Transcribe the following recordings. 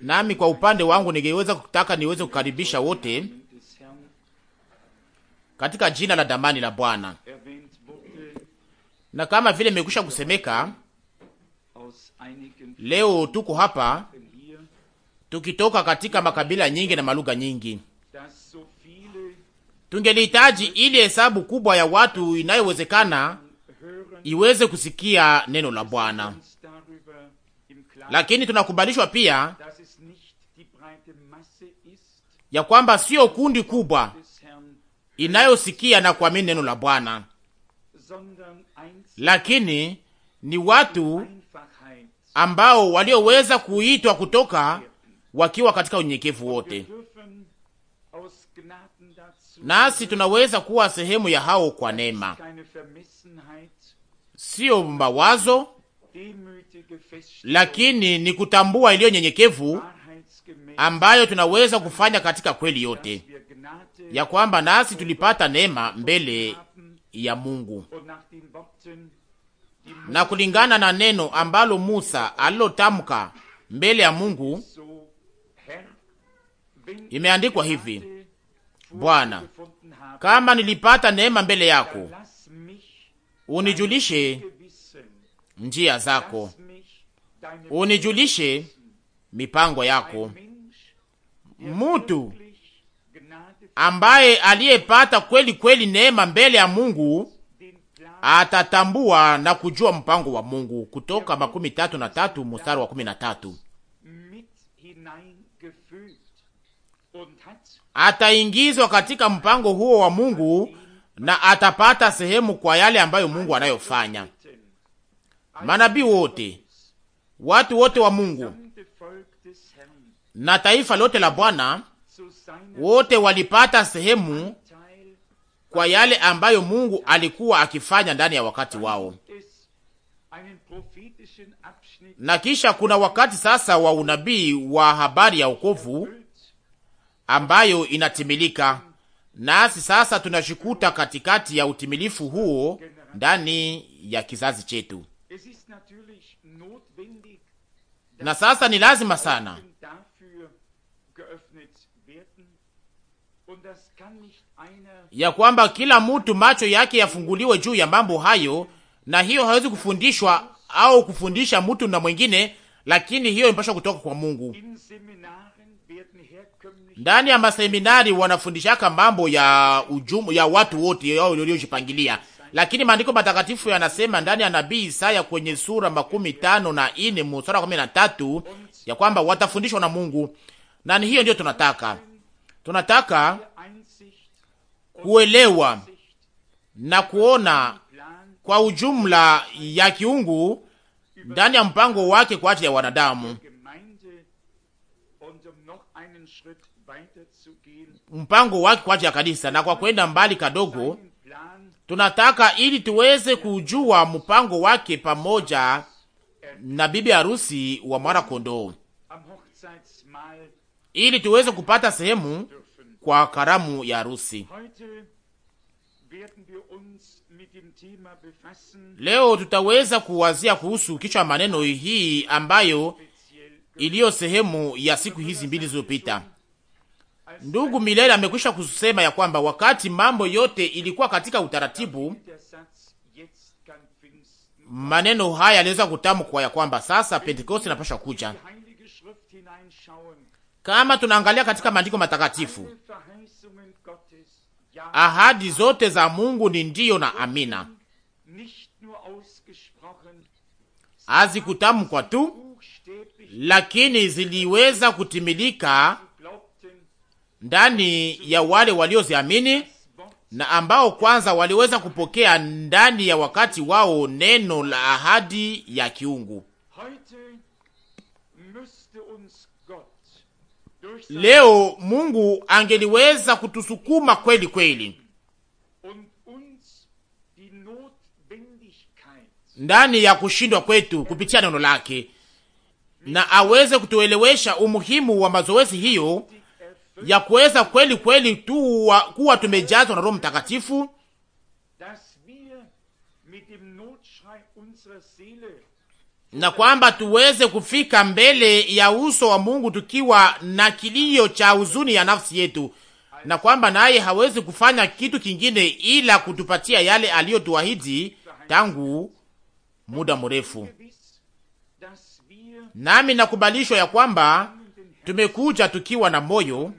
Nami kwa upande wangu ningeweza kutaka niweze kukaribisha wote katika jina la damani la Bwana, na kama vile imekwisha kusemeka, leo tuko hapa tukitoka katika makabila nyingi na malugha nyingi. Tungelihitaji ili hesabu kubwa ya watu inayowezekana iweze kusikia neno la Bwana, lakini tunakubalishwa pia ya kwamba sio kundi kubwa inayosikia na kuamini neno la Bwana, lakini ni watu ambao walioweza kuitwa kutoka wakiwa katika unyenyekevu wote, nasi tunaweza kuwa sehemu ya hao kwa neema sio mawazo, lakini ni kutambua iliyo nyenyekevu ambayo tunaweza kufanya katika kweli yote ya kwamba nasi tulipata neema mbele ya Mungu na kulingana na neno ambalo Musa alilotamka mbele ya Mungu, imeandikwa hivi: Bwana, kama nilipata neema mbele yako, unijulishe njia zako, unijulishe mipango yako. Mutu ambaye aliyepata kweli kweli neema mbele ya Mungu atatambua na kujua mpango wa Mungu. Kutoka makumi tatu na tatu mstari wa kumi na tatu. Ataingizwa katika mpango huo wa Mungu na atapata sehemu kwa yale ambayo Mungu anayofanya manabii wote, watu wote wa Mungu na taifa lote la Bwana, wote walipata sehemu kwa yale ambayo Mungu alikuwa akifanya ndani ya wakati wao. Na kisha kuna wakati sasa wa unabii wa habari ya wokovu ambayo inatimilika, nasi sasa tunashikuta katikati ya utimilifu huo ndani ya kizazi chetu na sasa ni lazima sana ya kwamba kila mtu macho yake yafunguliwe juu ya mambo hayo, na hiyo hawezi kufundishwa au kufundisha mtu na mwingine, lakini hiyo inapaswa kutoka kwa Mungu. Ndani ya maseminari wanafundishaka mambo ya ujumu, ya watu wote yao waliojipangilia lakini maandiko matakatifu yanasema ndani ya nabii Isaya kwenye sura makumi tano na ine mstari kumi na tatu ya kwamba watafundishwa na Mungu, na hiyo ndiyo tunataka. Tunataka kuelewa na kuona kwa ujumla ya kiungu ndani ya mpango wake kwa ajili ya wanadamu, mpango wake kwa ajili ya kanisa, na kwa kwenda mbali kadogo tunataka ili tuweze kujua mpango wake pamoja na bibi harusi wa mwana kondoo, ili tuweze kupata sehemu kwa karamu ya harusi. Leo tutaweza kuwazia kuhusu kichwa maneno hii ambayo iliyo sehemu ya siku hizi mbili zilizopita. Ndugu Milele amekwisha kusema ya kwamba wakati mambo yote ilikuwa katika utaratibu, maneno haya yaliweza kutamkwa ya kwamba sasa Pentekoste inapasha kuja. Kama tunaangalia katika maandiko matakatifu, ahadi zote za Mungu ni ndiyo na amina, hazikutamkwa tu, lakini ziliweza kutimilika ndani ya wale walioziamini na ambao kwanza waliweza kupokea ndani ya wakati wao neno la ahadi ya kiungu. Leo Mungu angeliweza kutusukuma kweli kweli ndani ya kushindwa kwetu kupitia neno lake, na aweze kutuelewesha umuhimu wa mazoezi hiyo ya kuweza kweli kweli tu kuwa tumejazwa na Roho Mtakatifu na kwamba tuweze kufika mbele ya uso wa Mungu tukiwa na kilio cha huzuni ya nafsi yetu, na kwamba naye hawezi kufanya kitu kingine ila kutupatia yale aliyotuahidi tangu muda mrefu. Nami nakubalishwa ya kwamba tumekuja tukiwa na moyo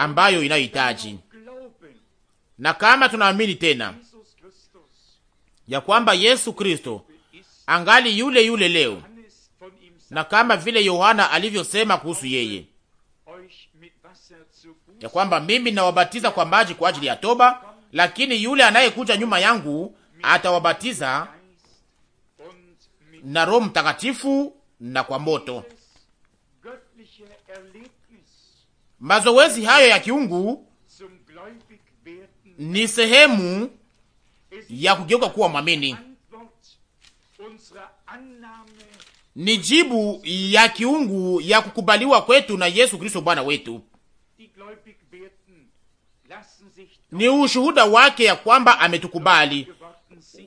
ambayo inayohitaji, na kama tunaamini tena ya kwamba Yesu Kristo angali yule yule leo, na kama vile Yohana alivyosema kuhusu yeye ya kwamba mimi nawabatiza kwa maji kwa ajili ya toba, lakini yule anayekuja nyuma yangu atawabatiza na Roho Mtakatifu na kwa moto. Mazoezi hayo ya kiungu ni sehemu ya kugeuka kuwa mwamini, ni jibu ya kiungu ya kukubaliwa kwetu na Yesu Kristo Bwana wetu. Ni ushuhuda wake ya kwamba ametukubali.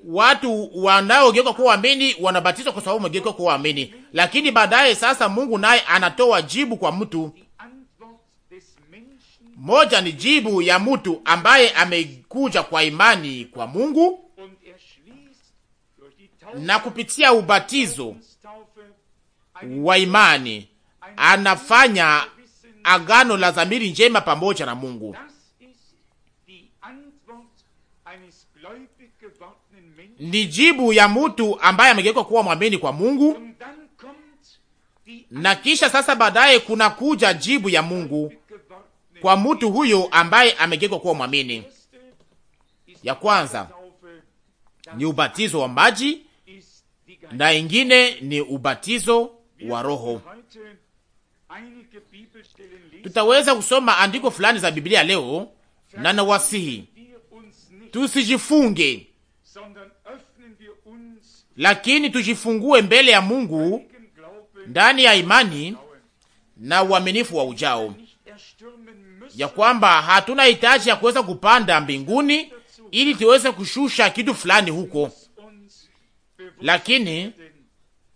Watu wanaogeuka kuwa waamini wanabatizwa kwa sababu wamegeuka kuwa waamini, lakini baadaye sasa Mungu naye anatoa jibu kwa mtu moja ni jibu ya mtu ambaye amekuja kwa imani kwa Mungu na kupitia ubatizo wa imani anafanya agano la dhamiri njema pamoja na Mungu. Ni jibu ya mtu ambaye amegeuka kuwa mwamini kwa Mungu, na kisha sasa baadaye kuna kuja jibu ya Mungu kwa mtu huyo ambaye amegekwa kuwa mwamini. Ya kwanza ni ubatizo wa maji na ingine ni ubatizo wa Roho. Tutaweza kusoma andiko fulani za Biblia leo, na nawasihi tusijifunge, lakini tujifungue mbele ya Mungu ndani ya imani na uaminifu wa ujao ya kwamba hatuna hitaji ya kuweza kupanda mbinguni ili tuweze kushusha kitu fulani huko, lakini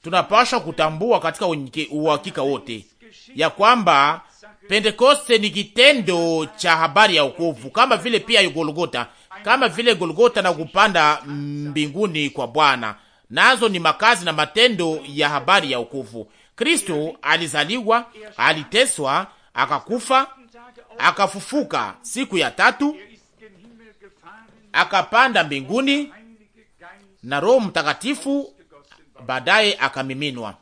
tunapaswa kutambua katika uhakika wote ya kwamba Pentekoste ni kitendo cha habari ya wokovu, kama vile pia Golgota, kama vile Golgota na kupanda mbinguni kwa Bwana, nazo ni makazi na matendo ya habari ya wokovu. Kristo alizaliwa, aliteswa, akakufa akafufuka siku ya tatu, akapanda mbinguni na Roho Mtakatifu baadaye akamiminwa.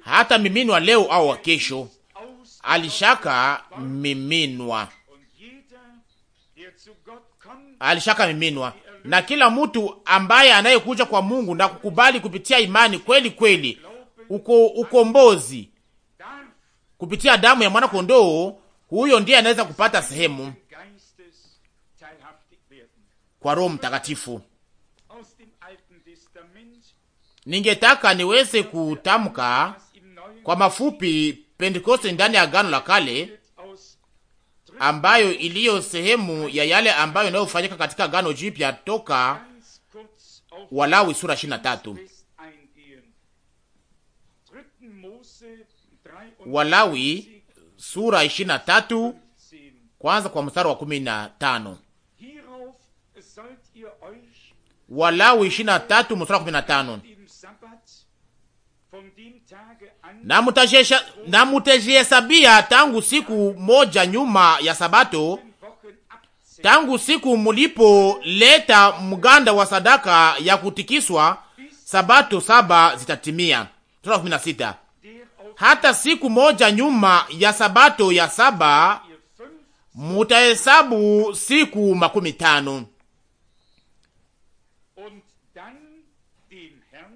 Hata miminwa leo au kesho, alishaka miminwa, alishaka miminwa. Na kila mtu ambaye anayekuja kwa Mungu na kukubali kupitia imani kweli kweli uko ukombozi kupitia damu ya mwana kondoo, huyo ndiye anaweza kupata sehemu kwa Roho Mtakatifu. Ningetaka niweze kutamka kwa mafupi Pentekoste ndani ya Agano la Kale, ambayo iliyo sehemu ya yale ambayo inayofanyika katika Agano Jipya toka Walawi sura 23. Walawi sura 23 kwanza kwa mstari wa 15. Walawi 23 mstari wa 15. Na mutajihesabia tangu siku moja nyuma ya Sabato, tangu siku mulipo leta mganda wa sadaka ya kutikiswa, Sabato saba zitatimia hata siku moja nyuma ya sabato ya saba mutahesabu siku makumi tano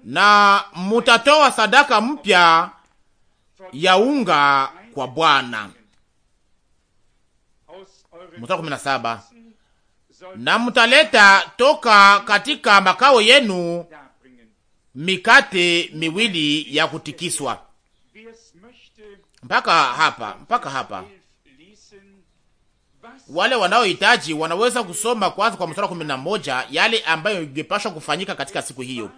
na mutatoa sadaka mpya ya unga kwa Bwana. Mstari kumi na saba na mutaleta toka katika makao yenu mikate miwili ya kutikiswa mpaka hapa, mpaka hapa. Wale wanaohitaji wanaweza kusoma kwanza kwa mstari wa kumi na moja yale ambayo ingepashwa kufanyika katika siku hiyo.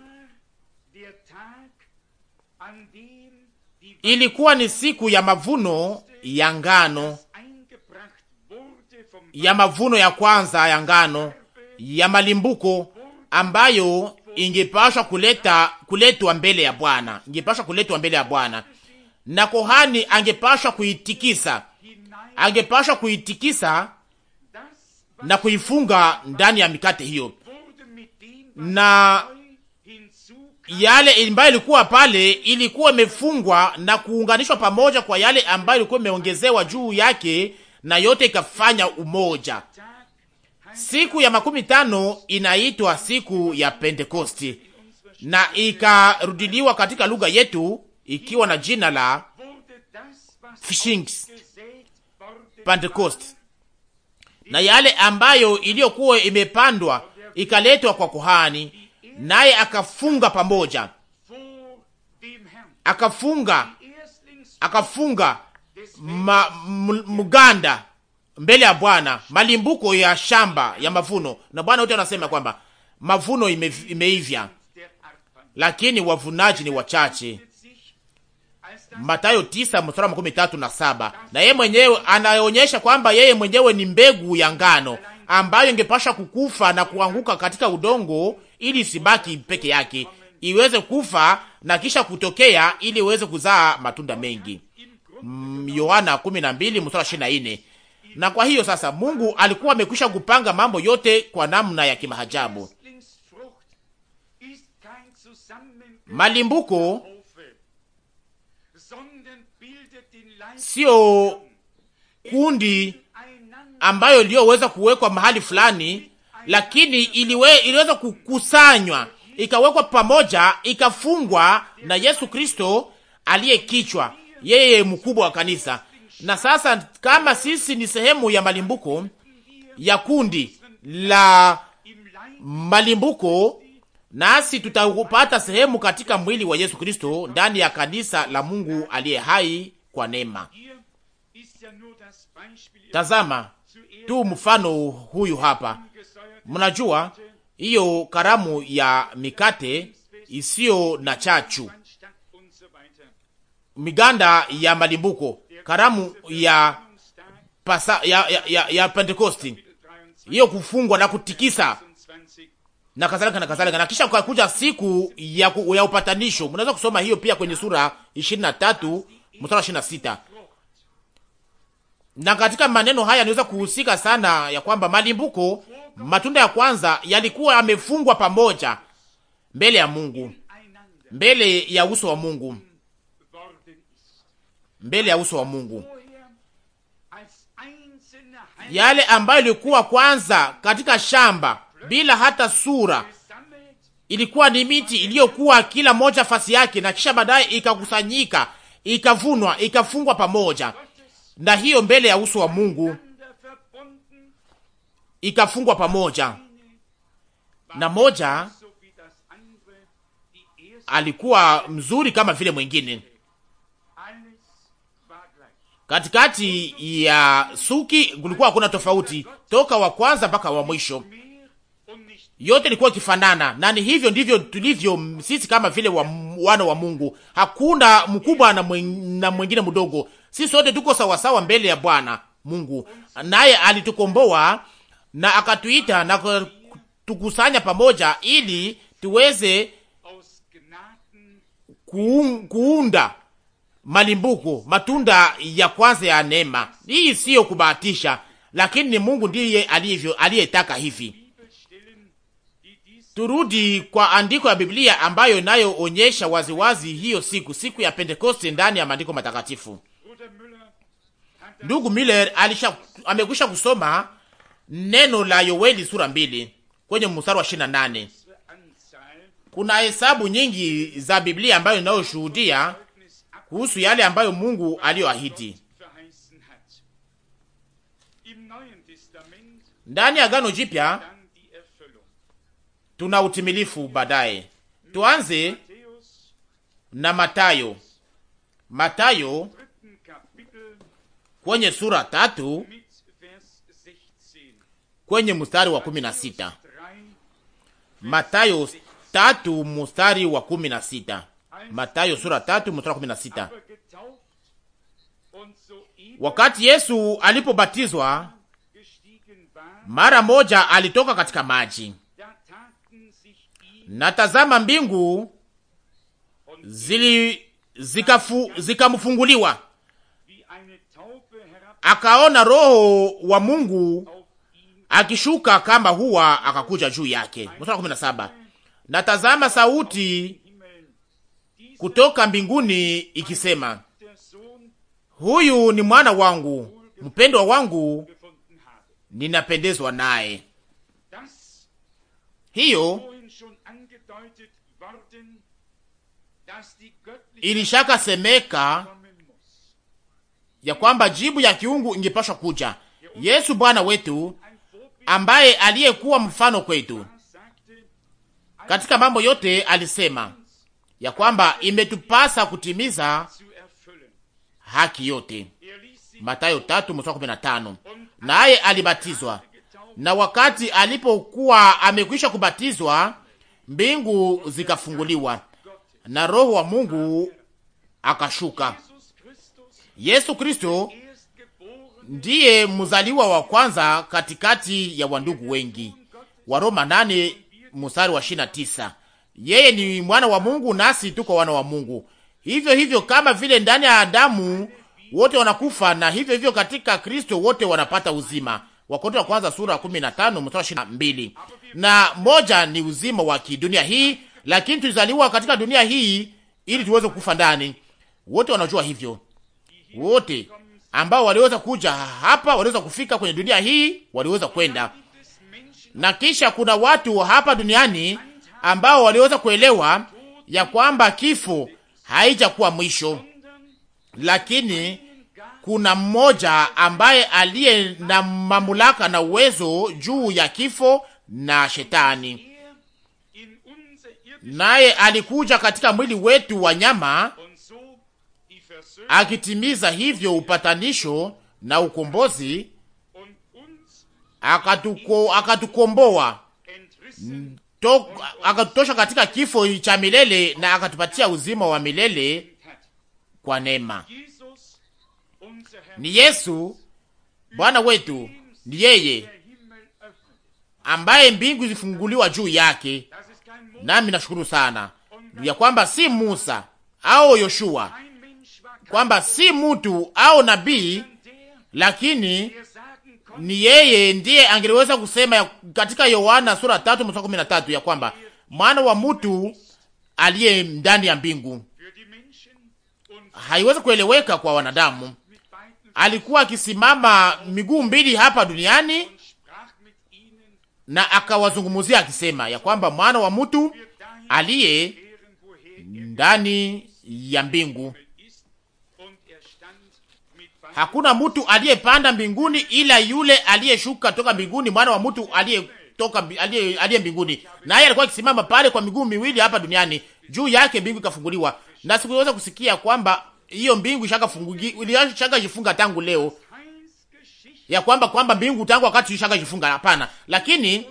Ilikuwa ni siku ya mavuno ya ngano, ya mavuno ya kwanza ya ngano ya malimbuko ambayo ingepashwa kuleta kuletwa mbele ya Bwana, ingepashwa kuletwa mbele ya Bwana na kohani angepashwa kuitikisa, angepashwa kuitikisa na kuifunga ndani ya mikate hiyo, na yale ambayo ilikuwa pale ilikuwa imefungwa na kuunganishwa pamoja kwa yale ambayo ilikuwa imeongezewa juu yake, na yote ikafanya umoja. Siku ya makumi tano inaitwa siku ya Pentekosti na ikarudiliwa katika lugha yetu ikiwa na jina la Pfingst Pentecost, na yale ambayo iliyokuwa imepandwa ikaletwa kwa kuhani, naye akafunga pamoja, akafunga akafunga ma, m, mganda mbele ya Bwana, malimbuko ya shamba ya mavuno. Na Bwana wote anasema kwamba mavuno ime, imeivya, lakini wavunaji ni wachache. Matayo tisa mstari makumi tatu na saba. Na yeye mwenyewe anaonyesha kwamba yeye mwenyewe ni mbegu ya ngano ambayo ingepasha kukufa na kuanguka katika udongo ili isibaki peke yake, iweze kufa na kisha kutokea ili iweze kuzaa matunda mengi. Mm, Yohana 12 mstari 24. Na kwa hiyo sasa, Mungu alikuwa amekwisha kupanga mambo yote kwa namna ya kimahajabu. Malimbuko sio kundi ambayo iliyoweza kuwekwa mahali fulani, lakini iliwe, iliweza kukusanywa ikawekwa pamoja ikafungwa na Yesu Kristo aliye kichwa, yeye mkubwa wa kanisa. Na sasa kama sisi ni sehemu ya malimbuko ya kundi la malimbuko, nasi tutapata sehemu katika mwili wa Yesu Kristo ndani ya kanisa la Mungu aliye hai kwa neema. Tazama tu mfano huyu hapa. Mnajua hiyo karamu ya mikate isiyo na chachu, miganda ya malimbuko, karamu ya pasa, ya, ya, ya, ya Pentekosti, hiyo kufungwa na kutikisa na kadhalika na kadhalika, na kisha kukakuja siku ya, ya upatanisho. Mnaweza kusoma hiyo pia kwenye sura tatu mstari ishirini na sita. Na katika maneno haya niweza kuhusika sana ya kwamba malimbuko, matunda ya kwanza yalikuwa yamefungwa pamoja mbele ya Mungu, mbele ya uso wa Mungu, mbele ya uso wa Mungu, yale ambayo ilikuwa kwanza katika shamba bila hata sura ilikuwa ni miti iliyokuwa kila moja fasi yake, na kisha baadaye ikakusanyika ikavunwa, ikafungwa pamoja na hiyo mbele ya uso wa Mungu, ikafungwa pamoja na moja alikuwa mzuri kama vile mwingine. Katikati ya suki kulikuwa hakuna tofauti, toka wa kwanza mpaka wa mwisho, yote ilikuwa ikifanana, na ni hivyo ndivyo tulivyo sisi kama vile wa wana wa Mungu, hakuna mkubwa na mwingine mdogo. Sisi sote tuko sawasawa mbele ya Bwana Mungu, naye alitukomboa na akatuita na tukusanya pamoja, ili tuweze kuunda malimbuko, matunda ya kwanza ya neema hii. Siyo kubahatisha, lakini ni Mungu ndiye alivyo aliyetaka hivi turudi kwa andiko ya Biblia ambayo inayoonyesha waziwazi hiyo siku, siku ya Pentekoste ndani ya maandiko matakatifu. Ndugu Miller alisha amekwisha kusoma neno la yoweli sura mbili kwenye mstari wa 28. Kuna hesabu nyingi za Biblia ambayo inayoshuhudia kuhusu yale ambayo Mungu aliyoahidi ndani ya Agano Jipya tuna utimilifu baadaye. Tuanze na Matayo, Matayo kwenye sura tatu kwenye mstari wa kumi na sita. Matayo tatu mstari wa kumi na sita. Matayo sura tatu mstari wa kumi na sita. Wakati Yesu alipobatizwa mara moja alitoka katika maji na tazama mbingu zili zikafu, zikamfunguliwa, akaona Roho wa Mungu akishuka kama huwa, akakuja juu yake. Mstari kumi na saba na tazama sauti kutoka mbinguni ikisema, huyu ni mwana wangu mpendwa wangu, ninapendezwa naye. Hiyo ilishaka semeka ya kwamba jibu ya kiungu ingepashwa kuja. Yesu Bwana wetu ambaye aliyekuwa mfano kwetu katika mambo yote alisema ya kwamba imetupasa kutimiza haki yote, Mathayo 3:15. Naye alibatizwa, na wakati alipokuwa amekwisha kubatizwa, mbingu zikafunguliwa, na Roho wa Mungu akashuka. Yesu Kristo ndiye mzaliwa wa kwanza katikati ya wandugu wengi, Waroma 8 mstari wa 29. Yeye ni mwana wa Mungu nasi tuko wana wa Mungu. Hivyo hivyo kama vile ndani ya Adamu wote wanakufa, na hivyo hivyo katika Kristo wote wanapata uzima. Wakorintho wa kwanza sura 15 mstari wa 22. Na moja ni uzima wa kidunia hii, lakini tulizaliwa katika dunia hii ili tuweze kufa ndani. Wote wanajua hivyo, wote ambao waliweza kuja hapa, waliweza kufika kwenye dunia hii, waliweza kwenda. Na kisha kuna watu hapa duniani ambao waliweza kuelewa ya kwamba kifo haijakuwa mwisho, lakini kuna mmoja ambaye aliye na mamlaka na uwezo juu ya kifo na shetani naye alikuja katika mwili wetu wa nyama akitimiza hivyo upatanisho na ukombozi, akatuko, akatukomboa akatutosha katika kifo cha milele na akatupatia uzima wa milele kwa neema. Ni Yesu Bwana wetu, ni yeye ambaye mbingu zilifunguliwa juu yake Nami nashukuru sana ya kwamba si Musa au Yoshua, kwamba si mtu au nabii, lakini ni yeye ndiye angeliweza kusema katika Yohana sura 3 mstari kumi tatu ya kwamba mwana wa mtu aliye ndani ya mbingu. Haiwezi kueleweka kwa wanadamu. Alikuwa akisimama miguu mbili hapa duniani na akawazungumuzia akisema ya kwamba mwana wa mtu aliye ndani ya mbingu hakuna mtu aliyepanda mbinguni ila yule aliyeshuka toka mbinguni, mwana wa mtu toka aliye mbinguni. Naye alikuwa akisimama pale kwa miguu miwili hapa duniani, juu yake mbingu ikafunguliwa, na sikuweza kusikia kwamba hiyo mbingu ishakafunguka, ilishakajifunga tangu leo, ya kwamba kwamba mbingu tangu wakati ishaka jifunga. Hapana, lakini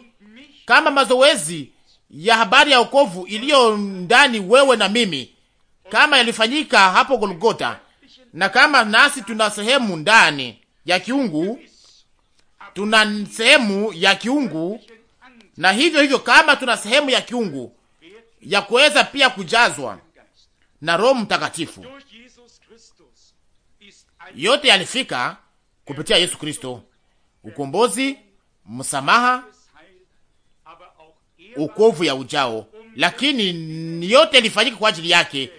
kama mazoezi ya habari ya wokovu iliyo ndani wewe na mimi, kama yalifanyika hapo Golgota, na kama nasi tuna sehemu ndani ya kiungu, tuna sehemu ya kiungu, na hivyo hivyo, kama tuna sehemu ya kiungu ya kuweza pia kujazwa na Roho Mtakatifu, yote yalifika kupitia Yesu Kristo, ukombozi, msamaha, ukovu ya ujao. Lakini yote ilifanyika kwa ajili yake,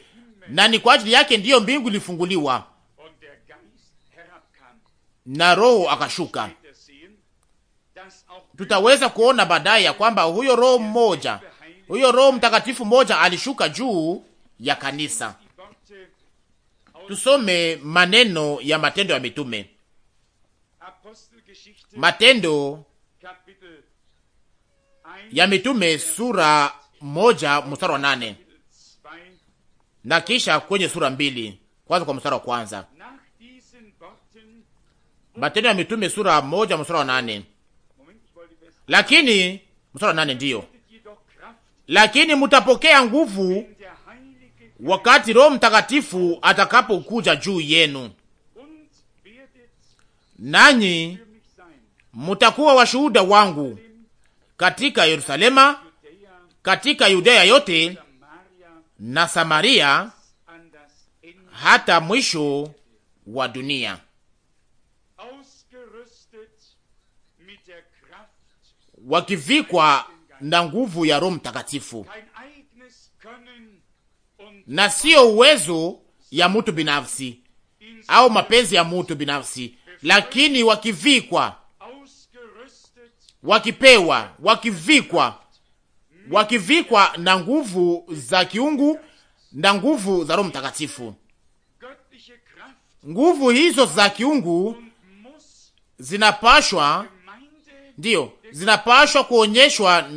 na ni kwa ajili yake ndiyo mbingu ilifunguliwa na Roho akashuka. Tutaweza kuona baadaye ya kwamba huyo Roho mmoja, huyo Roho Mtakatifu mmoja alishuka juu ya kanisa. Tusome maneno ya Matendo ya Mitume Matendo ya Mitume sura moja mstari wa nane na kisha kwenye sura mbili kwanza kwa mstari wa kwanza. Matendo ya Mitume sura moja mstari wa nane lakini mstari wa nane ndiyo, lakini mutapokea nguvu wakati Roho Mtakatifu atakapokuja juu yenu, nanyi mutakuwa washuhuda wangu katika Yerusalema, katika Yudea yote na Samaria, hata mwisho wa dunia. Wakivikwa na nguvu ya Roho Mtakatifu na siyo uwezo ya mtu binafsi au mapenzi ya mtu binafsi, lakini wakivikwa wakipewa, wakivikwa, wakivikwa na nguvu za kiungu na nguvu za Roho Mtakatifu. Nguvu hizo za kiungu zinapashwa ndiyo, zinapashwa kuonyeshwa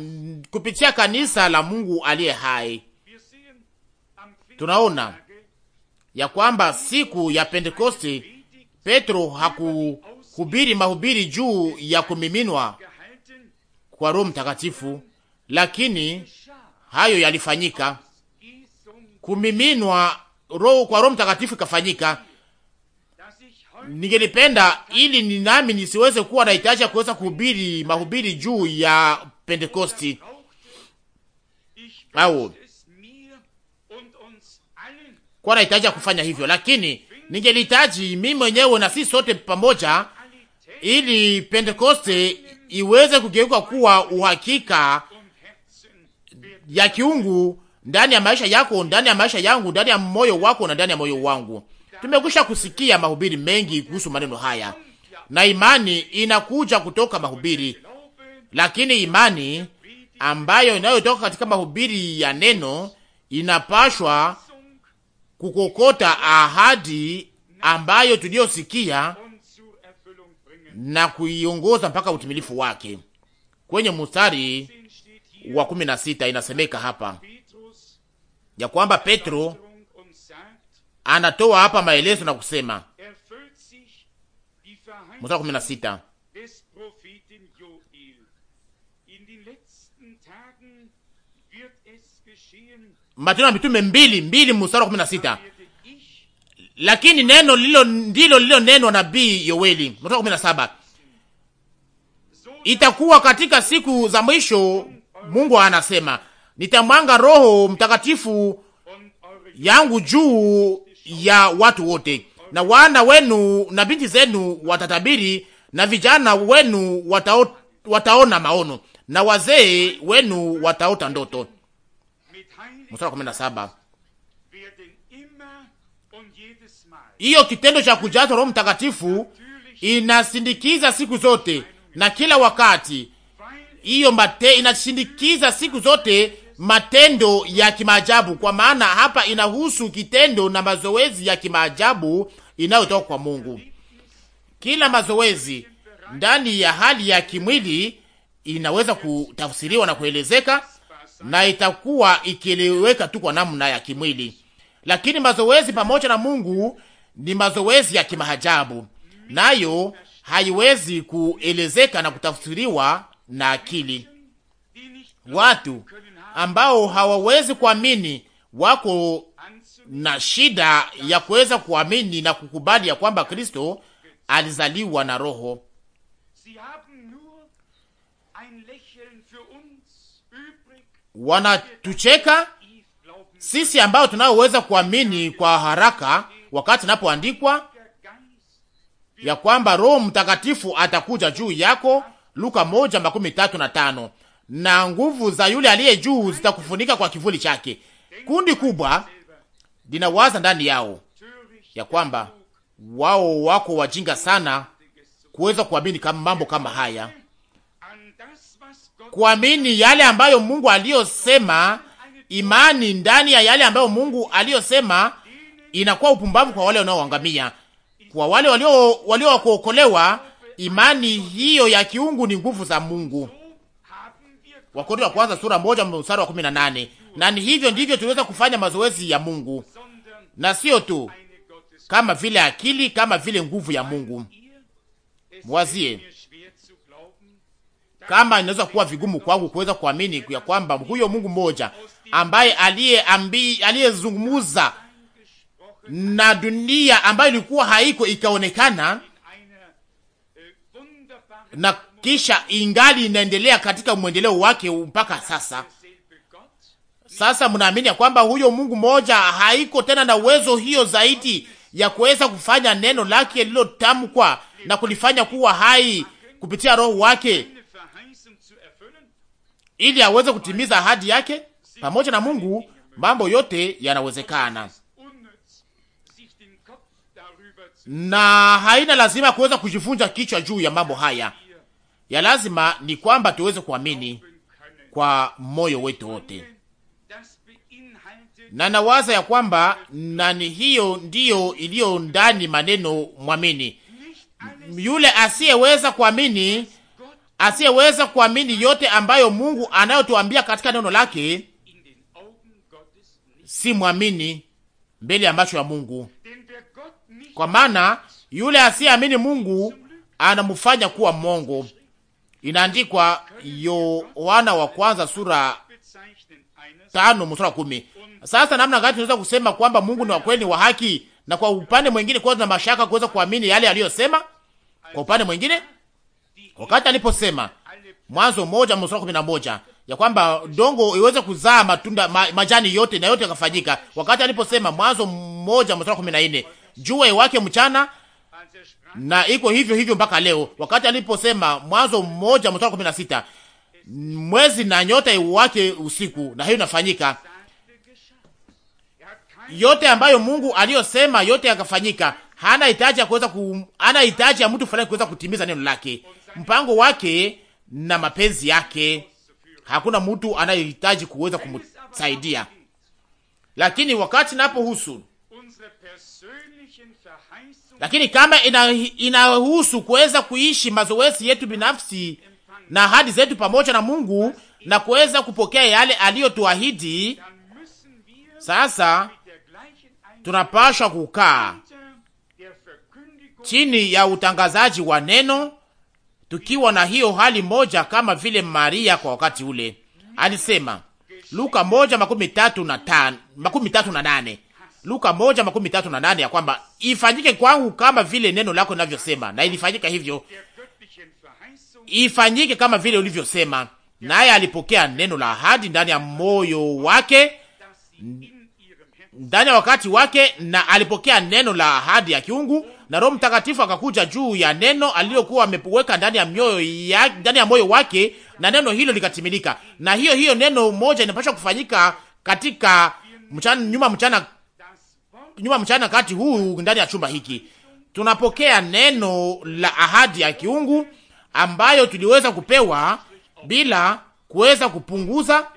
kupitia kanisa la Mungu aliye hai. Tunaona ya kwamba siku ya Pentekoste Petro hakuhubiri mahubiri juu ya kumiminwa kwa Roho Mtakatifu, lakini hayo yalifanyika. Kumiminwa roho kwa Roho Mtakatifu ikafanyika. Ningelipenda ili ni nami nisiweze kuwa na hitaji ya kuweza kuhubiri mahubiri juu ya Pentekosti au kuwa na hitaji ya kufanya hivyo, lakini ningelihitaji mimi mwenyewe na sisi sote pamoja, ili Pentekoste iweze kugeuka kuwa uhakika ya kiungu ndani ya maisha yako, ndani ya maisha yangu, ndani ya moyo wako na ndani ya moyo wangu. Tumekwisha kusikia mahubiri mengi kuhusu maneno haya, na imani inakuja kutoka mahubiri, lakini imani ambayo inayotoka katika mahubiri ya neno inapashwa kukokota ahadi ambayo tuliyosikia na kuiongoza mpaka utimilifu wake. Kwenye mstari wa kumi na sita inasemeka hapa ya kwamba Petro anatoa hapa maelezo na kusema, mstari kumi na sita Matendo ya Mitume mbili mbili mstari wa kumi na sita lakini neno lilo ndilo lililonenwa nabii yoweli mstari kumi na saba itakuwa katika siku za mwisho, Mungu anasema nitamwanga Roho Mtakatifu yangu juu ya watu wote, na wana wenu na binti zenu watatabiri, na vijana wenu watao, wataona maono, na wazee wenu wataota ndoto. Mstari kumi na saba Hiyo kitendo cha kujazwa Roho Mtakatifu inasindikiza siku zote na kila wakati, hiyo mate inasindikiza siku zote matendo ya kimaajabu, kwa maana hapa inahusu kitendo na mazoezi ya kimaajabu inayotoka kwa Mungu. Kila mazoezi ndani ya hali ya kimwili inaweza kutafsiriwa na kuelezeka na itakuwa ikieleweka tu kwa namna ya kimwili, lakini mazoezi pamoja na Mungu ni mazoezi ya kimahajabu, nayo haiwezi kuelezeka na kutafsiriwa na akili. Watu ambao hawawezi kuamini wako na shida ya kuweza kuamini na kukubali ya kwamba Kristo alizaliwa na Roho. Wanatucheka sisi ambao tunaoweza kuamini kwa haraka wakati napoandikwa ya kwamba Roho Mtakatifu atakuja juu yako, Luka moja makumi tatu na tano, na nguvu za yule aliye juu zitakufunika kwa kivuli chake. Kundi kubwa linawaza ndani yao ya kwamba wao wako wajinga sana kuweza kuamini kama mambo kama haya, kuamini yale ambayo Mungu aliyosema, imani ndani ya yale ambayo Mungu aliyosema inakuwa upumbavu kwa wale wanaoangamia. Kwa wale walio walio wakuokolewa, imani hiyo ya kiungu ni nguvu za Mungu. Wakorintho wa kwanza sura moja mstari wa 18. Na ni hivyo ndivyo tuweza kufanya mazoezi ya Mungu, na sio tu kama vile akili, kama vile nguvu ya Mungu. Mwazie kama inaweza kuwa vigumu kwangu kuweza kuamini ya kwamba huyo Mungu mmoja ambaye aliyezungumza na dunia ambayo ilikuwa haiko ikaonekana, na kisha ingali inaendelea katika mwendeleo wake mpaka sasa. Sasa mnaamini ya kwamba huyo Mungu mmoja haiko tena na uwezo hiyo zaidi ya kuweza kufanya neno lake lilotamkwa na kulifanya kuwa hai kupitia Roho wake ili aweze kutimiza ahadi yake. Pamoja na Mungu mambo yote yanawezekana. na haina lazima kuweza kujifunja kichwa juu ya mambo haya. Ya lazima ni kwamba tuweze kuamini kwa moyo wetu wote, na nawaza ya kwamba nani, hiyo ndiyo iliyo ndani maneno mwamini. Yule asiyeweza kuamini, asiyeweza kuamini yote ambayo Mungu anayotuambia katika neno lake, si mwamini mbele ya macho ya Mungu kwa maana yule asiyeamini Mungu anamfanya kuwa mongo. Inaandikwa Yohana wa kwanza sura tano mstari kumi. Sasa namna gani tunaweza kusema kwamba Mungu ni wa kweli, wa haki, na kwa upande mwingine kuwa na mashaka kuweza kuamini yale aliyosema? Kwa upande mwingine, wakati aliposema Mwanzo moja mstari kumi na moja ya kwamba dongo iweze kuzaa matunda ma, majani yote na yote yakafanyika, wakati aliposema Mwanzo moja mstari kumi na nne jua iwake mchana na iko hivyo hivyo mpaka leo. Wakati aliposema Mwanzo mmoja mstari kumi na sita mwezi na nyota iwake usiku, na hiyo inafanyika. Yote ambayo Mungu aliyosema yote yakafanyika. Hana hitaji ya kuweza ku, hana hitaji ya mtu fulani kuweza kutimiza neno lake, mpango wake na mapenzi yake. Hakuna mtu anayehitaji kuweza kumsaidia, lakini wakati napohusu na lakini kama inahusu kuweza kuishi mazoezi yetu binafsi na ahadi zetu pamoja na Mungu na kuweza kupokea yale aliyotuahidi, sasa tunapashwa kukaa chini ya utangazaji wa neno tukiwa na hiyo hali moja, kama vile Maria kwa wakati ule alisema, Luka moja makumi tatu na tano makumi tatu na nane Luka moja makumi tatu na nane ya kwamba ifanyike kwangu kama vile neno lako linavyosema, na ilifanyika hivyo, ifanyike kama vile ulivyosema. Naye alipokea neno la ahadi ndani ya moyo wake, ndani ya wakati wake, na alipokea neno la ahadi ya kiungu, na Roho Mtakatifu akakuja juu ya neno alilokuwa ameweka ndani ya mioyo ya ndani ya moyo wake, na neno hilo likatimilika. Na hiyo hiyo neno moja inapaswa kufanyika katika mchana, nyuma mchana nyuma mchana kati huu ndani ya chumba hiki tunapokea neno la ahadi ya kiungu ambayo tuliweza kupewa bila kuweza kupunguza,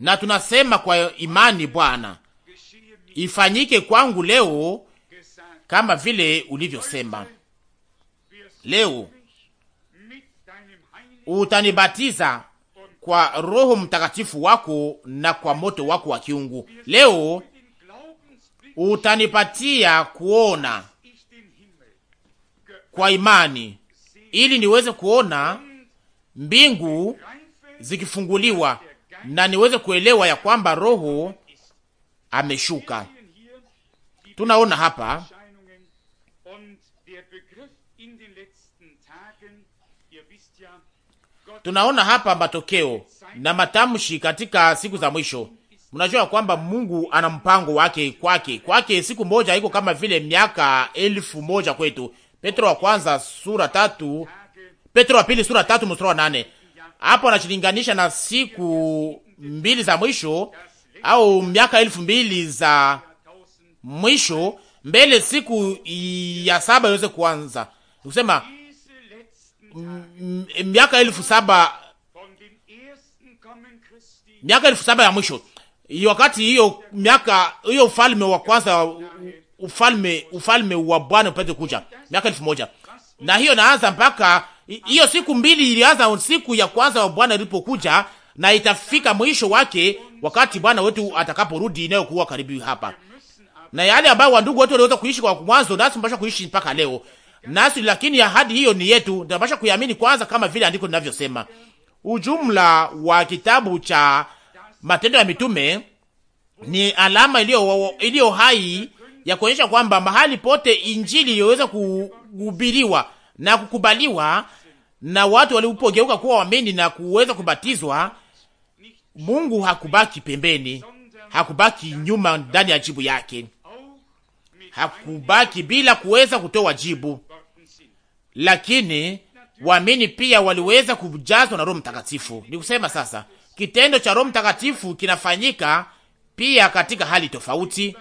na tunasema kwa imani, Bwana, ifanyike kwangu leo kama vile ulivyosema. Leo utanibatiza kwa Roho Mtakatifu wako na kwa moto wako wa kiungu. Leo utanipatia kuona kwa imani, ili niweze kuona mbingu zikifunguliwa na niweze kuelewa ya kwamba Roho ameshuka. Tunaona hapa tunaona hapa matokeo na matamshi katika siku za mwisho. Mnajua kwamba Mungu ana mpango wake kwake kwake, siku moja iko kama vile miaka elfu moja kwetu. Petro wa kwanza sura tatu, Petro wa pili sura tatu mstari wa nane. Hapo anachilinganisha na siku mbili za mwisho au miaka elfu mbili za mwisho mbele siku ya saba iweze kuanza, kusema miaka elfu saba miaka elfu saba ya mwisho wakati hiyo miaka hiyo ufalme wa kwanza ufalme ufalme wa Bwana upate kuja miaka elfu moja na hiyo naanza mpaka hiyo siku mbili ilianza siku ya kwanza wa Bwana ilipokuja na itafika mwisho wake wakati Bwana wetu atakaporudi inayokuwa karibu hapa. Na yale ambayo wandugu wetu waliweza kuishi kwa mwanzo, nasi mbasha kuishi mpaka leo nasi, lakini ahadi hiyo ni yetu, tunapaswa kuiamini kwanza, kama vile andiko linavyosema. Ujumla wa kitabu cha Matendo ya Mitume ni alama iliyo iliyo hai ya kuonyesha kwamba mahali pote injili iliweza kuhubiriwa na kukubaliwa na watu walipogeuka kuwa waamini na kuweza kubatizwa, Mungu hakubaki pembeni, hakubaki nyuma ndani ya jibu yake, hakubaki bila kuweza kutoa jibu. Lakini waamini pia waliweza kujazwa na Roho Mtakatifu. Nikusema sasa kitendo cha Roho Mtakatifu kinafanyika pia katika hali tofauti,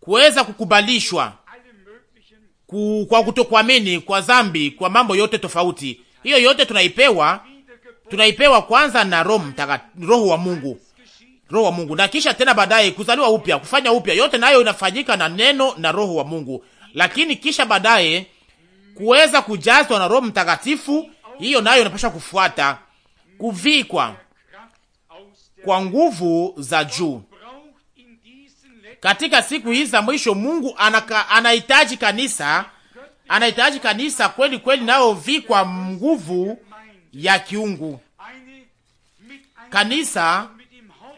kuweza kukubalishwa ku, kwa kutokuamini kwa dhambi, kwa mambo yote tofauti. Hiyo yote tunaipewa, tunaipewa kwanza na Roho Mtakatifu, Roho wa Mungu, Roho wa Mungu, na kisha tena baadaye kuzaliwa upya, kufanya upya, yote nayo inafanyika na neno na Roho wa Mungu, lakini kisha baadaye kuweza kujazwa na Roho Mtakatifu hiyo nayo inapaswa kufuata kuvikwa kwa nguvu za juu. Katika siku hizi za mwisho, Mungu anaka, anahitaji kanisa, anahitaji kanisa kweli kweli, nao vikwa nguvu ya kiungu, kanisa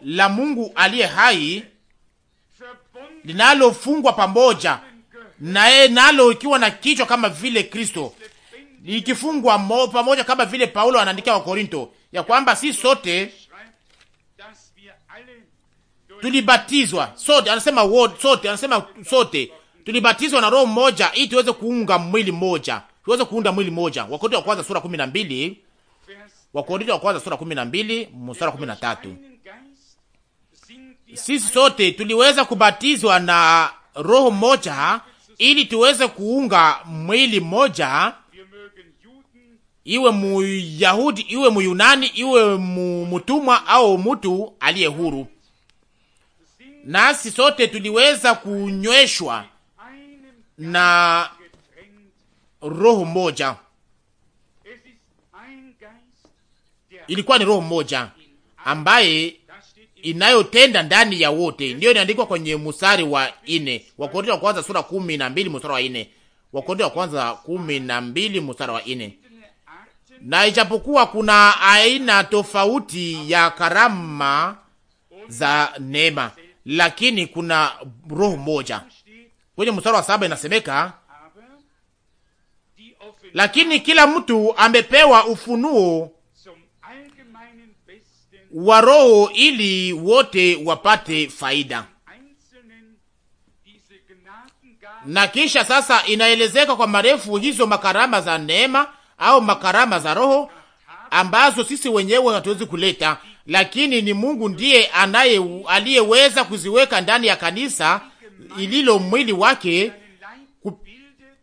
la Mungu aliye hai linalofungwa pamoja naye, nalo ikiwa na kichwa kama vile Kristo ikifungwa pamoja, kama vile Paulo anaandikia Wakorinto ya kwamba si sote tulibatizwa sote, anasema wote, sote anasema sote tulibatizwa na roho mmoja, ili tuweze kuunga mwili mmoja, tuweze kuunda mwili mmoja. Wakorinto wa kwanza sura 12, Wakorinto wa kwanza sura 12 mstari 13. Sisi sote tuliweza kubatizwa na roho mmoja, ili tuweze kuunga mwili mmoja iwe Muyahudi, iwe Muyunani, iwe mutumwa au mtu aliye huru, nasi sote tuliweza kunyweshwa na roho moja. Ilikuwa ni roho moja ambaye inayotenda ndani ya wote, ndiyo inaandikwa kwenye mstari wa ine Wakorintho wa kwanza sura kumi na mbili mstari wa ine Wakorintho wa kwanza kumi na mbili mstari wa ine na ijapokuwa kuna aina tofauti ya karama za neema, lakini kuna roho moja. Kwenye mstari wa saba inasemeka, lakini kila mtu amepewa ufunuo wa roho ili wote wapate faida. Na kisha sasa inaelezeka kwa marefu hizo makarama za neema au makarama za Roho ambazo sisi wenyewe hatuwezi kuleta, lakini ni Mungu ndiye anaye aliyeweza kuziweka ndani ya kanisa ililo mwili wake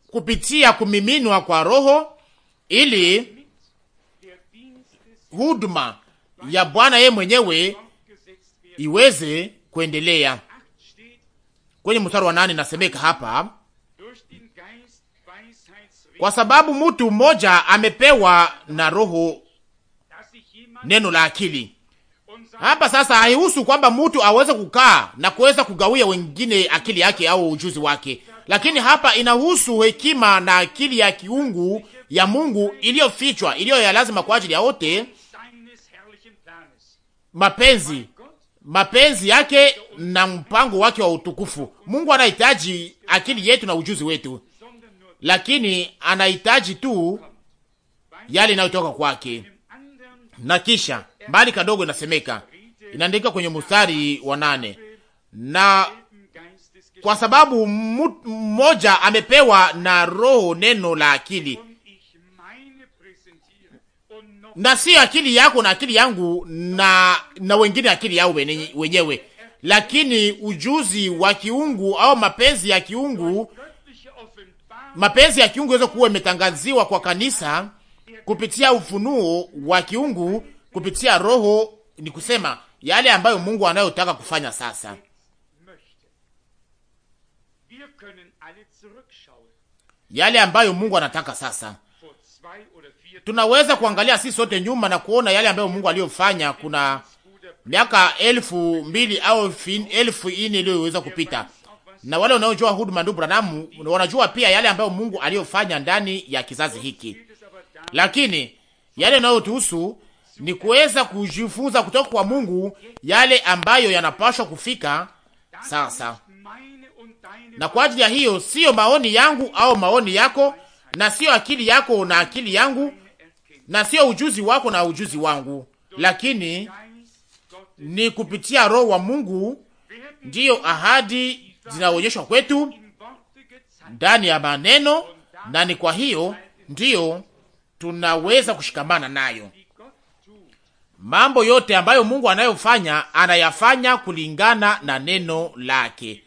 kupitia kumiminwa kwa Roho ili huduma ya Bwana yeye mwenyewe iweze kuendelea. Kwenye mstari wa nane nasemeka hapa kwa sababu mtu mmoja amepewa na Roho neno la akili. Hapa sasa haihusu kwamba mtu aweze kukaa na kuweza kugawia wengine akili yake au ujuzi wake, lakini hapa inahusu hekima na akili ya kiungu ya Mungu iliyofichwa, iliyo ya lazima kwa ajili ya wote, mapenzi mapenzi yake na mpango wake wa utukufu. Mungu anahitaji akili yetu na ujuzi wetu lakini anahitaji tu yale inayotoka kwake. Na kisha mbali kadogo inasemeka, inaandika kwenye mstari wa nane, na kwa sababu mmoja amepewa na Roho neno la akili, na sio akili yako na akili yangu na na wengine akili yao wenyewe, lakini ujuzi wa kiungu au mapenzi ya kiungu mapenzi ya kiungu yaweza kuwa imetangaziwa kwa kanisa kupitia ufunuo wa kiungu, kupitia Roho, ni kusema yale ambayo Mungu anayotaka kufanya sasa. Yale ambayo Mungu anataka sasa. Tunaweza kuangalia sisi sote nyuma na kuona yale ambayo Mungu aliyofanya kuna miaka elfu mbili au elfu ine iliyoweza kupita na wale wanaojua huduma ndugu Branham wanajua pia yale ambayo Mungu aliyofanya ndani ya kizazi hiki, lakini yale yanayotuhusu ni kuweza kujifunza kutoka kwa Mungu yale ambayo yanapaswa kufika sasa. Na kwa ajili ya hiyo, siyo maoni yangu au maoni yako, na siyo akili yako na akili yangu, na siyo ujuzi wako na ujuzi wangu, lakini ni kupitia Roho wa Mungu ndiyo ahadi zinaonyeshwa kwetu ndani ya maneno, na ni kwa hiyo ndiyo tunaweza kushikamana nayo. Mambo yote ambayo Mungu anayofanya anayafanya kulingana na neno lake,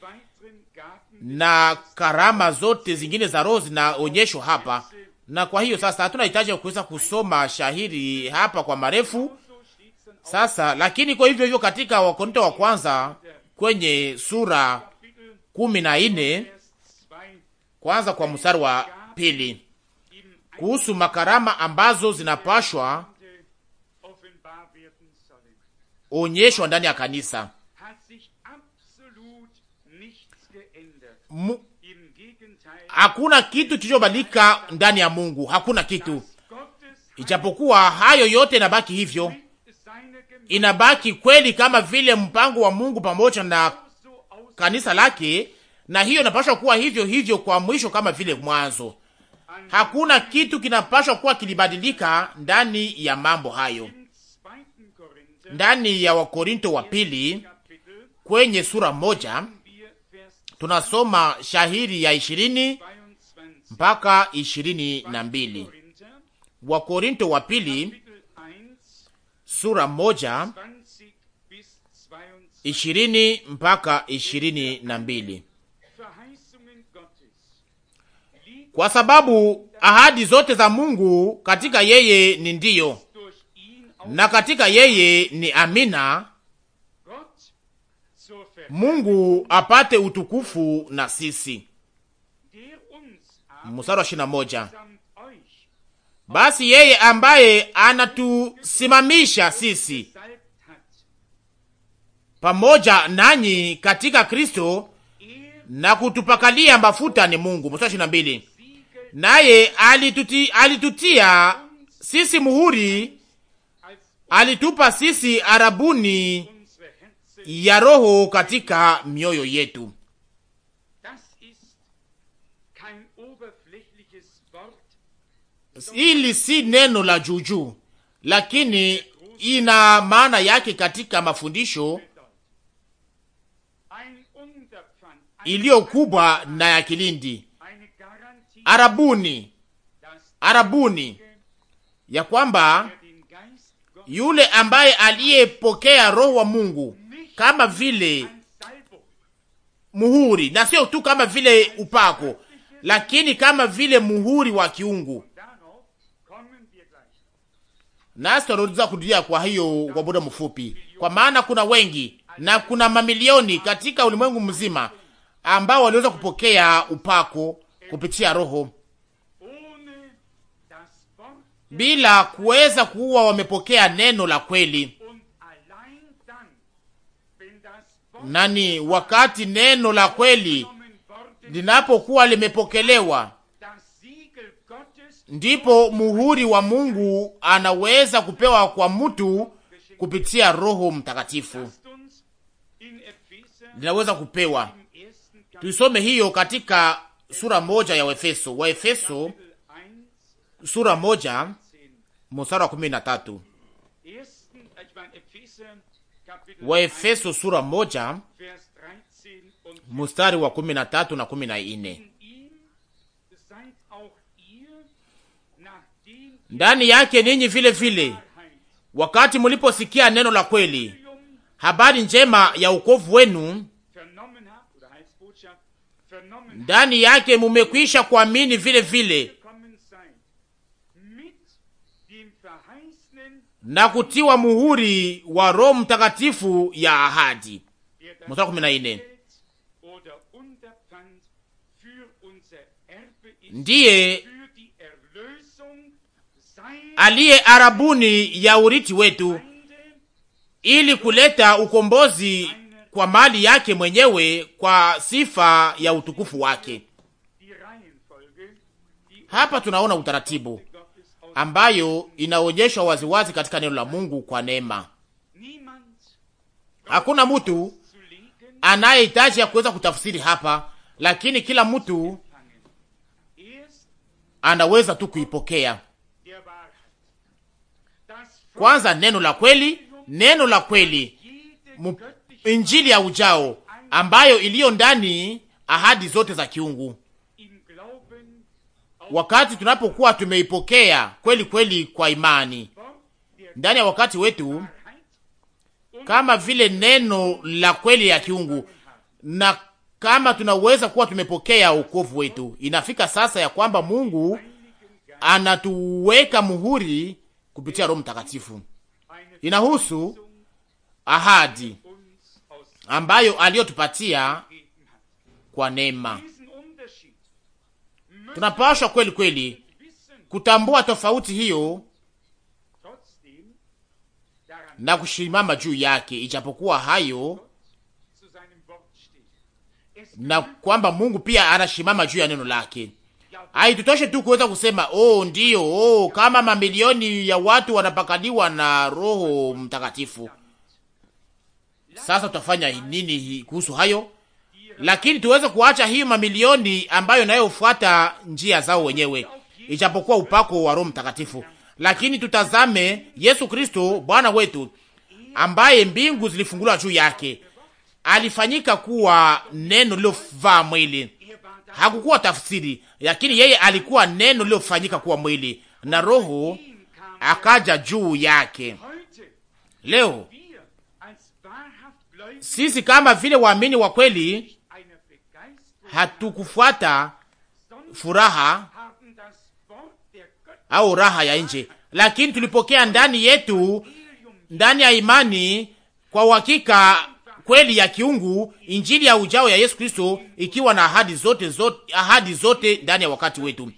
na karama zote zingine za Roho zinaonyeshwa hapa. Na kwa hiyo sasa hatuna hitaji ya kuweza kusoma shahiri hapa kwa marefu sasa, lakini kwa hivyo hivyo katika Wakorinto wa kwanza kwenye sura kumi na nne kwanza kwa mstari wa pili kuhusu makarama ambazo zinapashwa onyeshwa ndani ya kanisa. M hakuna kitu kilichobadilika ndani ya Mungu, hakuna kitu, ijapokuwa hayo yote inabaki hivyo, inabaki kweli kama vile mpango wa Mungu pamoja na kanisa lake, na hiyo inapaswa kuwa hivyo hivyo kwa mwisho kama vile mwanzo. Hakuna kitu kinapaswa kuwa kilibadilika ndani ya mambo hayo. Ndani ya Wakorinto wa pili kwenye sura moja tunasoma shahiri ya ishirini mpaka ishirini na mbili. Wakorinto wa pili sura moja ishirini mpaka ishirini na mbili. Kwa sababu ahadi zote za Mungu katika yeye ni ndiyo na katika yeye ni amina, Mungu apate utukufu na sisi. Mstari wa ishirini na moja. Basi yeye ambaye anatusimamisha sisi pamoja nanyi katika Kristo na kutupakalia mafuta ni Mungu. Mstari ishirini na mbili, naye alituti, alitutia sisi muhuri, alitupa sisi arabuni ya Roho katika mioyo yetu. Hili si neno la juujuu, lakini ina maana yake katika mafundisho iliyo kubwa na ya kilindi. Arabuni, arabuni ya kwamba yule ambaye aliyepokea Roho wa Mungu kama vile muhuri, na sio tu kama vile upako, lakini kama vile muhuri wa kiungu. Nasi tunaweza kudia kwa hiyo kwa muda mfupi, kwa maana kuna wengi na kuna mamilioni katika ulimwengu mzima ambao waliweza kupokea upako kupitia Roho bila kuweza kuwa wamepokea neno la kweli. Nani, wakati neno la kweli linapokuwa limepokelewa, ndipo muhuri wa Mungu anaweza kupewa kwa mtu kupitia Roho Mtakatifu, linaweza kupewa Tuisome hiyo katika sura moja ya Waefeso, Waefeso sura moja mstari wa kumi na tatu. Waefeso sura moja mstari wa kumi na tatu na kumi na ine. Ndani yake ninyi vile vile, wakati mliposikia neno la kweli, habari njema ya ukovu wenu ndani yake mumekwisha kuamini vile vile na kutiwa muhuri wa Roho Mtakatifu ya ahadi. Mstari kumi na nne ndiye aliye arabuni ya uriti wetu ili kuleta ukombozi kwa mali yake mwenyewe kwa sifa ya utukufu wake. Hapa tunaona utaratibu ambayo inaonyeshwa waziwazi katika neno la Mungu kwa neema. Hakuna mtu anayehitaji ya kuweza kutafsiri hapa, lakini kila mtu anaweza tu kuipokea. Kwanza neno la kweli, neno la kweli injili ya ujao ambayo iliyo ndani ahadi zote za kiungu. Wakati tunapokuwa tumeipokea kweli kweli kwa imani ndani ya wakati wetu, kama vile neno la kweli ya kiungu, na kama tunaweza kuwa tumepokea wokovu wetu, inafika sasa ya kwamba Mungu anatuweka muhuri kupitia Roho Mtakatifu. Inahusu ahadi ambayo aliyotupatia kwa neema. Tunapashwa kweli kweli kutambua tofauti hiyo na kushimama juu yake, ijapokuwa hayo na kwamba Mungu pia anashimama juu ya neno lake. Haitutoshe tu kuweza kusema oh, ndiyo oh, kama mamilioni ya watu wanapakaliwa na Roho Mtakatifu sasa tutafanya nini kuhusu hayo? Lakini tuweze kuacha hiyo mamilioni ambayo nayo njia zao wenyewe, ijapokuwa upako wa Roho Mtakatifu. Lakini tutazame Yesu Kristo Bwana wetu ambaye mbingu zilifunguliwa juu yake, alifanyika kuwa neno lilofaa mwili. Hakukuwa tafsiri, lakini yeye alikuwa neno lilofanyika kuwa mwili, na Roho akaja juu yake. Leo sisi kama vile waamini wa kweli hatukufuata furaha au raha ya nje, lakini tulipokea ndani yetu, ndani ya imani, kwa uhakika kweli ya kiungu, injili ya ujao ya Yesu Kristo, ikiwa na ahadi zote zote, ahadi zote ndani ya wakati wetu,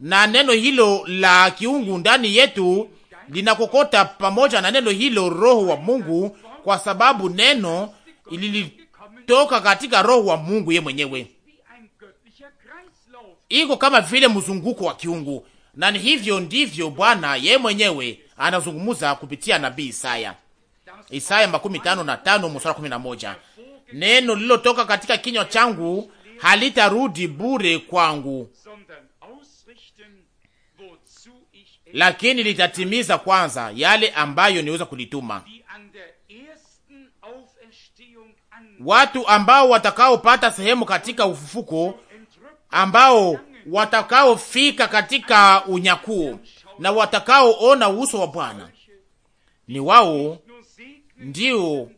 na neno hilo la kiungu ndani yetu linakokota pamoja na neno hilo, roho wa Mungu, kwa sababu neno ililitoka katika roho wa Mungu ye mwenyewe, iko kama vile mzunguko wa kiungu, na ni hivyo ndivyo Bwana ye mwenyewe anazungumuza kupitia nabii Isaya, Isaya makumi tano na tano mstari kumi na moja neno lililotoka katika kinywa changu halitarudi bure kwangu, lakini litatimiza kwanza yale ambayo niweza kulituma. watu ambao watakaopata sehemu katika ufufuko, ambao watakaofika katika unyakuo na watakaoona uso wa Bwana, ni wao ndio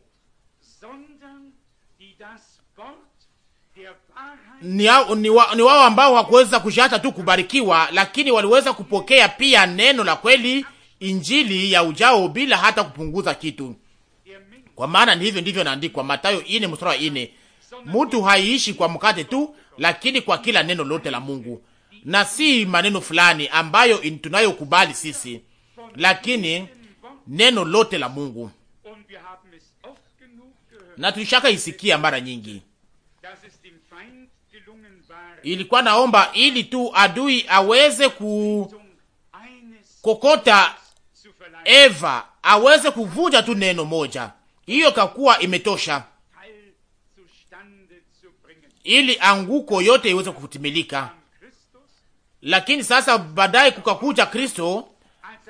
ni, ni, wa, ni wao ambao hakuweza kushata tu kubarikiwa, lakini waliweza kupokea pia neno la kweli, injili ya ujao bila hata kupunguza kitu. Kwa maana ni hivyo ndivyo naandikwa, Mathayo ine mstari wa ine, mtu haiishi kwa mkate tu, lakini kwa kila neno lote la Mungu. Na si maneno fulani ambayo tunayokubali sisi, lakini neno lote la Mungu, na tulishaka isikia mara nyingi. Ilikuwa naomba ili tu adui aweze kukokota Eva, aweze kuvuja tu neno moja hiyo kakuwa imetosha ili anguko yote iweze kutimilika. Lakini sasa baadaye kukakuja Kristo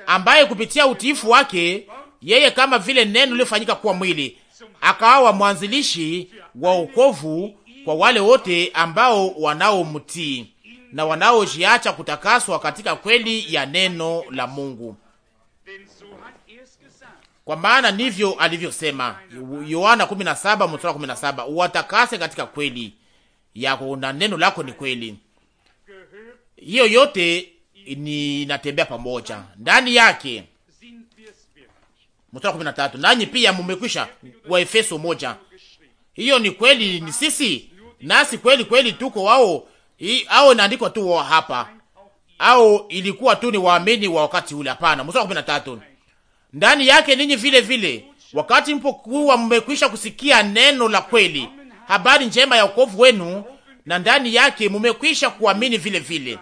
ambaye kupitia utiifu wake yeye kama vile neno lilofanyika kuwa mwili akawa mwanzilishi wa wokovu kwa wale wote ambao wanaomtii na wanaojiacha kutakaswa katika kweli ya neno la Mungu kwa maana ndivyo alivyosema Yohana 17 mstari 17, uwatakase katika kweli yako na neno lako ni kweli. Hiyo yote ninatembea pamoja ndani yake. Mstari 13, nanyi pia mumekwisha, wa Efeso moja. Hiyo ni kweli, ni sisi nasi kweli kweli tuko wao, au inaandikwa tu hapa, au ilikuwa tu ni waamini wa wakati ule? Hapana. Mstari 13 ndani yake ninyi vile vile, wakati mpokuwa mmekwisha kusikia neno la kweli, habari njema ya wokovu wenu, na ndani yake mumekwisha kuamini vile vile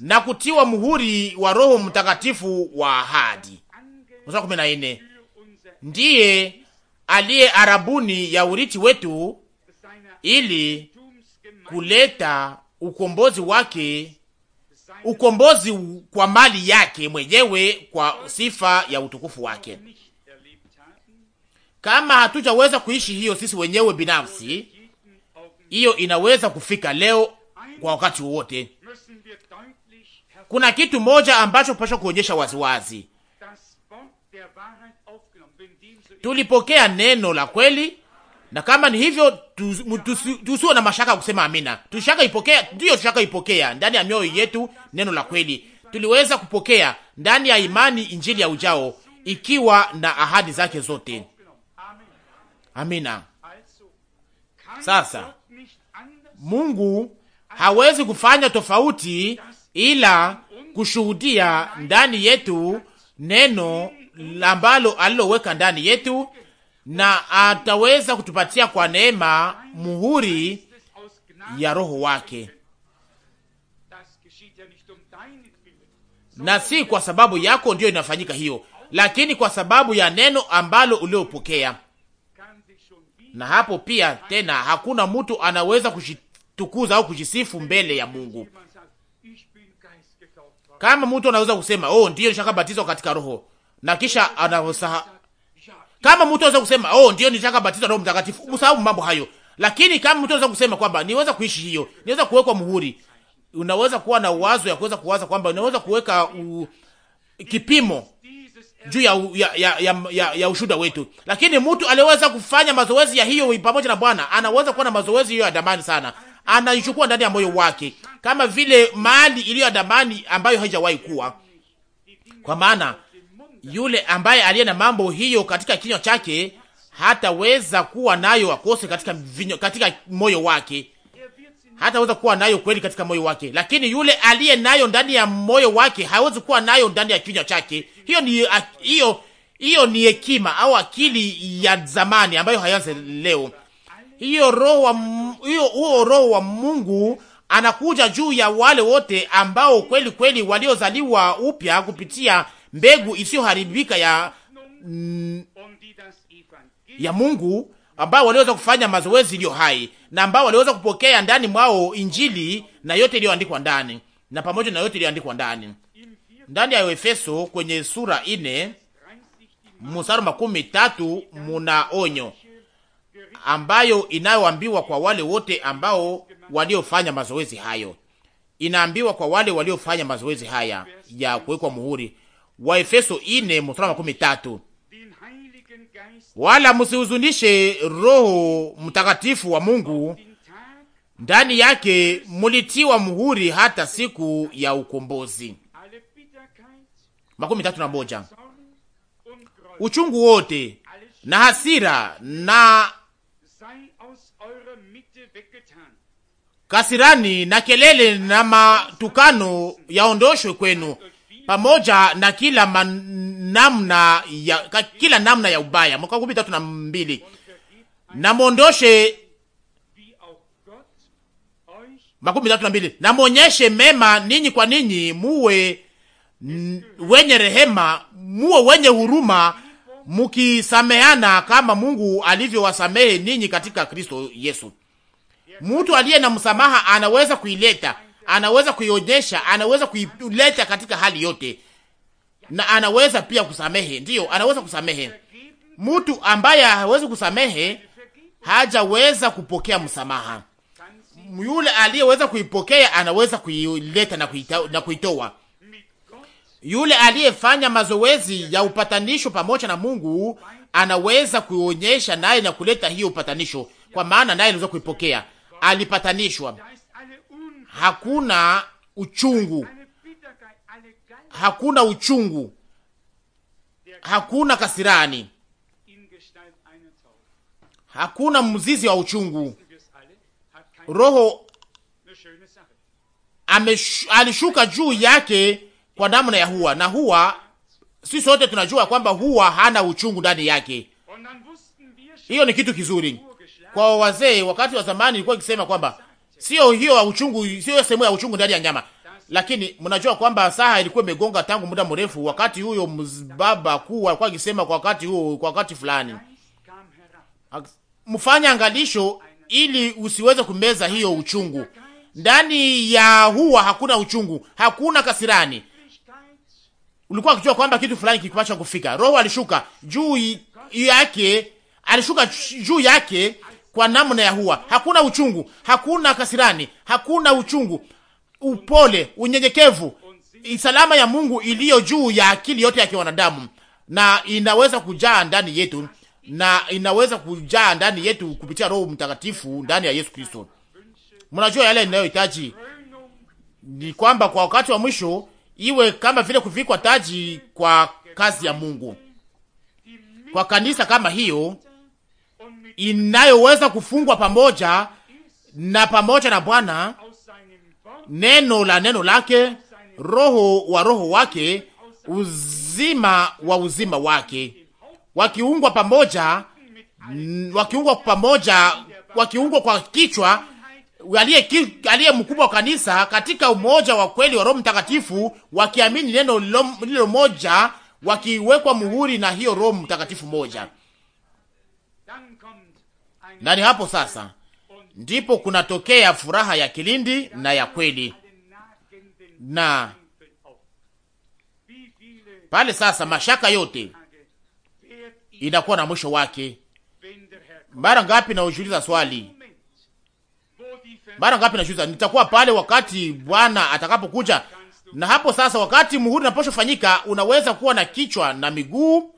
na kutiwa muhuri wa Roho Mtakatifu wa ahadi. kumi na nne ndiye aliye arabuni ya urithi wetu ili kuleta ukombozi wake ukombozi kwa mali yake mwenyewe kwa sifa ya utukufu wake. Kama hatujaweza kuishi hiyo sisi wenyewe binafsi, hiyo inaweza kufika leo kwa wakati wowote. Kuna kitu moja ambacho pasha kuonyesha waziwazi, tulipokea neno la kweli na kama ni hivyo, tusiwe na mashaka kusema amina. Tushaka ipokea, ndio tushaka ipokea ndani ya mioyo yetu neno la kweli. Tuliweza kupokea ndani ya imani injili ya ujao ikiwa na ahadi zake zote. Amina. Sasa Mungu hawezi kufanya tofauti ila kushuhudia ndani yetu neno ambalo aliloweka ndani yetu na ataweza kutupatia kwa neema muhuri ya Roho wake, na si kwa sababu yako ndiyo inafanyika hiyo, lakini kwa sababu ya neno ambalo uliopokea. Na hapo pia tena hakuna mtu anaweza kujitukuza au kujisifu mbele ya Mungu. Kama mtu anaweza kusema oh, ndiyo nishakabatizwa katika Roho na kisha anaosaha kama mtu anaweza kusema oh, ndio nitaka batizwa Roho Mtakatifu, usahau mambo hayo. Lakini kama mtu anaweza kusema kwamba niweza kuishi hiyo, niweza kuwekwa muhuri, unaweza kuwa na uwazo ya kuweza kuwaza kwamba unaweza kuweka u... kipimo juu ya, ya, ya, ya, ya, ya ushuda wetu. Lakini mtu aliweza kufanya mazoezi ya hiyo pamoja na Bwana, anaweza kuwa na mazoezi hiyo ya damani sana, anaichukua ndani ya moyo wake, kama vile mali iliyo ya damani ambayo haijawahi kuwa, kwa maana yule ambaye aliye na mambo hiyo katika kinywa chake hataweza kuwa nayo akose katika vinyo, katika moyo wake hataweza kuwa nayo kweli katika moyo wake, lakini yule aliye nayo ndani ya moyo wake hawezi kuwa nayo ndani ya kinywa chake. Hiyo ni hiyo hiyo ni hekima au akili ya zamani ambayo hayanze leo. Hiyo roho wa hiyo huo roho wa Mungu anakuja juu ya wale wote ambao kweli kweli waliozaliwa upya kupitia mbegu isiyoharibika ya ya Mungu ambao waliweza kufanya mazoezi iliyo hai na ambao waliweza kupokea ndani mwao injili na yote iliyoandikwa ndani na pamoja na yote iliyoandikwa ndani ndani ya Efeso kwenye sura ine mstari makumi tatu muna onyo ambayo inayoambiwa kwa wale wote ambao waliofanya mazoezi hayo, inaambiwa kwa wale waliofanya mazoezi haya ya kuwekwa muhuri wa Efeso ine wa makumi tatu wala musihuzunishe Roho Mtakatifu wa Mungu, ndani yake mulitiwa muhuri hata siku ya ukombozi. Makumi tatu na moja. Uchungu wote na hasira na kasirani na kelele na matukano yaondoshwe kwenu, pamoja na kila namna ya kila namna ya ubaya. Makumi tatu na mbili na makumi tatu na mbili na mwonyeshe mema ninyi kwa ninyi, muwe wenye rehema, muwe wenye huruma, mukisameana kama Mungu alivyowasamehe ninyi katika Kristo Yesu. Mtu aliye na msamaha anaweza kuileta anaweza kuionyesha, anaweza kuileta katika hali yote, na anaweza pia kusamehe. Ndiyo, anaweza kusamehe. Mtu ambaye hawezi kusamehe hajaweza kupokea msamaha. Yule aliyeweza kuipokea anaweza kuileta na, na kuitoa. Yule aliyefanya mazoezi ya upatanisho pamoja na Mungu anaweza kuonyesha naye na kuleta hiyo upatanisho, kwa maana naye anaweza kuipokea. Alipatanishwa hakuna uchungu, hakuna uchungu, hakuna kasirani, hakuna mzizi wa uchungu. Roho alishuka juu yake kwa namna ya Hua, na Hua si sote tunajua kwamba Hua hana uchungu ndani yake. Hiyo ni kitu kizuri kwa wazee. Wakati wa zamani ilikuwa ikisema kwamba Sio hiyo ya uchungu, sio sehemu ya uchungu ndani ya nyama. Lakini mnajua kwamba saha ilikuwa imegonga tangu muda mrefu, wakati huyo baba kuu alikuwa akisema kwa wakati huo, kwa wakati fulani, mfanye angalisho ili usiweze kumeza hiyo uchungu. Ndani ya huwa hakuna uchungu, hakuna kasirani. Ulikuwa ukijua kwamba kitu fulani kilikuacha kufika. Roho alishuka juu yake, alishuka juu yake kwa namna ya huwa. Hakuna uchungu, hakuna kasirani, hakuna uchungu, upole, unyenyekevu, salama ya Mungu iliyo juu ya akili yote ya kiwanadamu, na inaweza kujaa ndani yetu na inaweza kujaa ndani yetu kupitia Roho Mtakatifu ndani ya Yesu Kristo. Mnajua yale ninayohitaji ni kwamba kwa wakati wa mwisho iwe kama vile kuvikwa taji kwa kazi ya Mungu, kwa kanisa kama hiyo inayoweza kufungwa pamoja na pamoja na Bwana, neno la neno lake, roho wa roho wake, uzima wa uzima wake, wakiungwa pamoja, wakiungwa pamoja, wakiungwa kwa kichwa aliye mkubwa wa kanisa katika umoja wa kweli wa Roho Mtakatifu, wakiamini neno lilo moja, wakiwekwa muhuri na hiyo Roho Mtakatifu moja na ni hapo sasa ndipo kunatokea furaha ya kilindi na ya kweli, na pale sasa mashaka yote inakuwa na mwisho wake. Mara ngapi naujiuliza swali, mara ngapi najiuliza, nitakuwa pale wakati Bwana atakapokuja. Na hapo sasa, wakati muhuri unaposhofanyika, unaweza kuwa na kichwa na miguu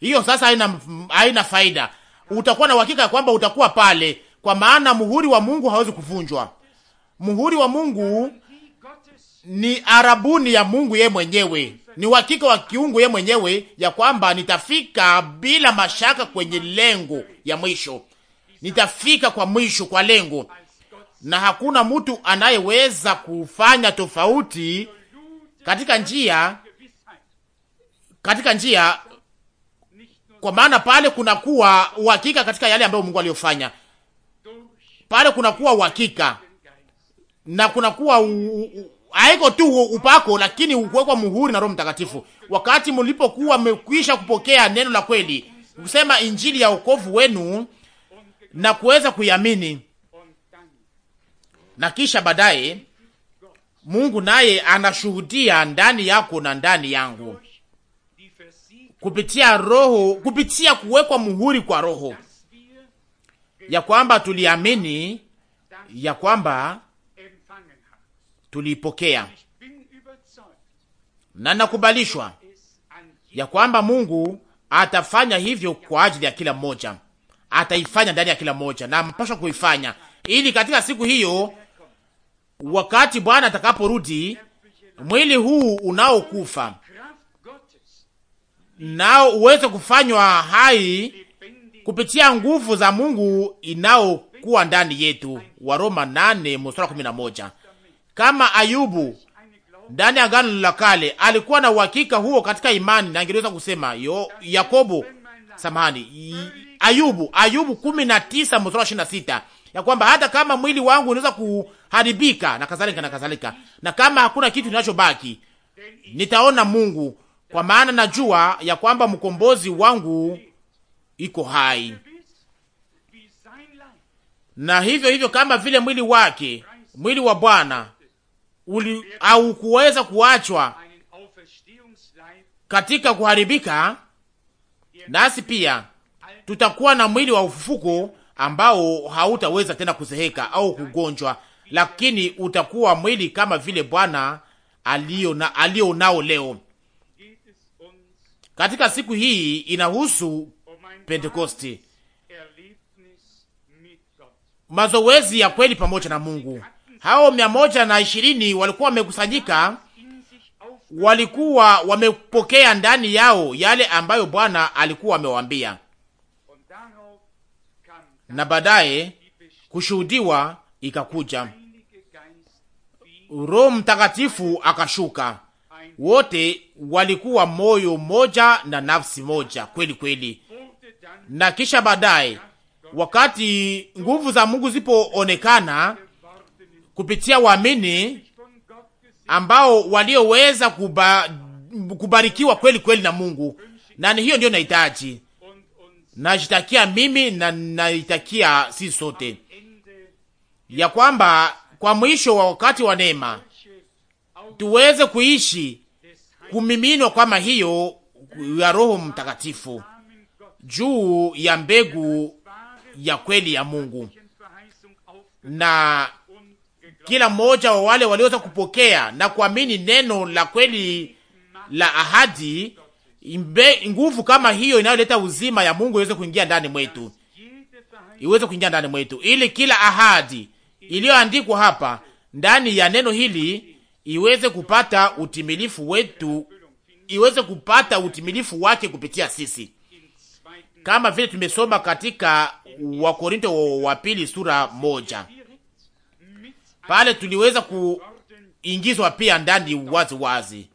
hiyo sasa haina, haina faida. Utakuwa na uhakika ya kwamba utakuwa pale, kwa maana muhuri wa Mungu hawezi kuvunjwa. Muhuri wa Mungu ni arabuni ya Mungu ye mwenyewe, ni uhakika wa kiungu ye mwenyewe ya kwamba nitafika bila mashaka kwenye lengo ya mwisho, nitafika kwa mwisho kwa lengo, na hakuna mtu anayeweza kufanya tofauti katika njia katika njia kwa maana pale kunakuwa uhakika katika yale ambayo Mungu aliyofanya. Pale kunakuwa uhakika na kunakuwa haiko tu upako, lakini ukuwekwa muhuri na Roho Mtakatifu. Wakati mlipokuwa mmekwisha kupokea neno la kweli, kusema injili ya wokovu wenu na kuweza kuiamini, na kisha baadaye Mungu naye anashuhudia ndani yako na ndani yangu kupitia roho, kupitia kuwekwa muhuri kwa roho, ya kwamba tuliamini, ya kwamba tuliipokea na nakubalishwa ya kwamba Mungu atafanya hivyo kwa ajili ya kila mmoja, ataifanya ndani ya kila mmoja na mpashwa kuifanya, ili katika siku hiyo, wakati Bwana atakaporudi, mwili huu unaokufa nao uweze kufanywa hai kupitia nguvu za Mungu inayokuwa ndani yetu. Waroma nane mstari kumi Kama Ayubu ndani ya Agano la Kale alikuwa na uhakika huo katika imani, na angeweza kusema yo Yakobo, samahani, Ayubu, Ayubu 19 mstari 26 ya kwamba hata kama mwili wangu unaweza kuharibika na kadhalika na kadhalika, na kama hakuna kitu kinachobaki nitaona Mungu kwa maana najua ya kwamba mkombozi wangu iko hai, na hivyo hivyo kama vile mwili wake, mwili wa Bwana haukuweza kuachwa katika kuharibika, nasi pia tutakuwa na mwili wa ufufuko ambao hautaweza tena kuzeheka au kugonjwa, lakini utakuwa mwili kama vile Bwana alio na alio nao leo katika siku hii inahusu Pentekosti, mazoezi ya kweli pamoja na Mungu. Hao mia moja na ishirini walikuwa wamekusanyika, walikuwa wamepokea ndani yao yale ambayo Bwana alikuwa amewaambia, na baadaye kushuhudiwa ikakuja, Roho Mtakatifu akashuka wote walikuwa moyo moja na nafsi moja kweli kweli. Na kisha baadaye, wakati nguvu za Mungu zipoonekana kupitia waamini ambao walioweza kuba, kubarikiwa kweli kweli na Mungu, na hiyo ndio nahitaji najitakia mimi na naitakia si sote ya kwamba kwa mwisho wa wakati wa neema tuweze kuishi kumiminwa kama hiyo ya Roho Mtakatifu juu ya mbegu ya kweli ya Mungu na kila mmoja wa wale walioweza kupokea na kuamini neno la kweli la ahadi, nguvu kama hiyo inayoleta uzima ya Mungu iweze kuingia ndani mwetu, iweze kuingia ndani mwetu, ili kila ahadi iliyoandikwa hapa ndani ya neno hili iweze kupata utimilifu wetu, iweze kupata utimilifu wake kupitia sisi, kama vile tumesoma katika Wakorinto wa pili sura moja, pale tuliweza kuingizwa pia ndani wazi wazi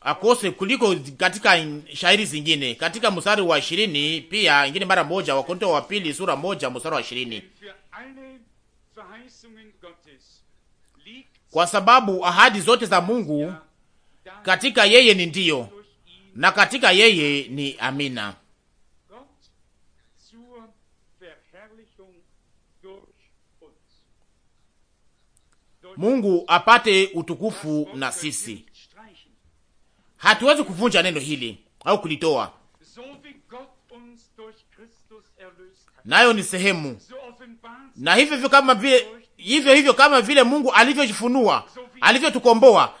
akose kuliko katika shairi zingine katika mstari wa ishirini pia ingine mara moja Wakorinto wa pili sura moja mstari wa ishirini kwa sababu ahadi zote za Mungu katika yeye ni ndiyo na katika yeye ni amina. Mungu apate utukufu na sisi. Hatuwezi kuvunja neno hili au kulitoa, nayo ni sehemu na hivyo hivyo kama vile hivyo hivyo kama vile Mungu alivyojifunua alivyotukomboa,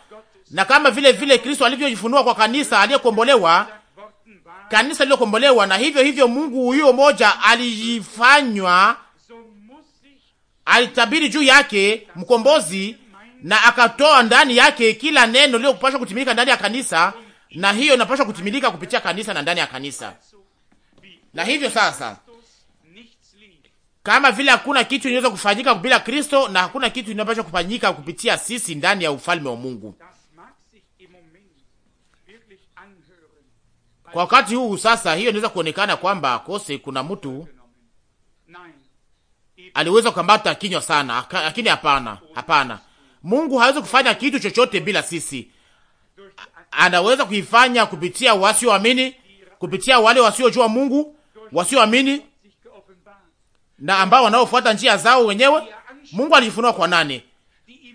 na kama vile vile Kristo alivyojifunua kwa kanisa aliyekombolewa, kanisa lililokombolewa, na hivyo hivyo Mungu huyo moja alijifanywa, alitabiri juu yake mkombozi, na akatoa ndani yake kila neno lililopaswa kutimilika ndani ya kanisa, na hiyo inapaswa kutimilika kupitia kanisa na ndani ya kanisa. Na hivyo sasa kama vile hakuna kitu inaweza kufanyika bila Kristo na hakuna kitu inapaswa kufanyika kupitia sisi ndani ya ufalme wa Mungu. Kwa wakati huu sasa, hiyo inaweza kuonekana kwamba kose, kuna mtu aliweza kukamata kinywa sana, lakini hapana, hapana. Mungu hawezi kufanya kitu chochote bila sisi. Anaweza kuifanya kupitia wasioamini, kupitia wale wasiojua Mungu, wasioamini na ambao wanaofuata njia zao wenyewe. Mungu alijifunua kwa nane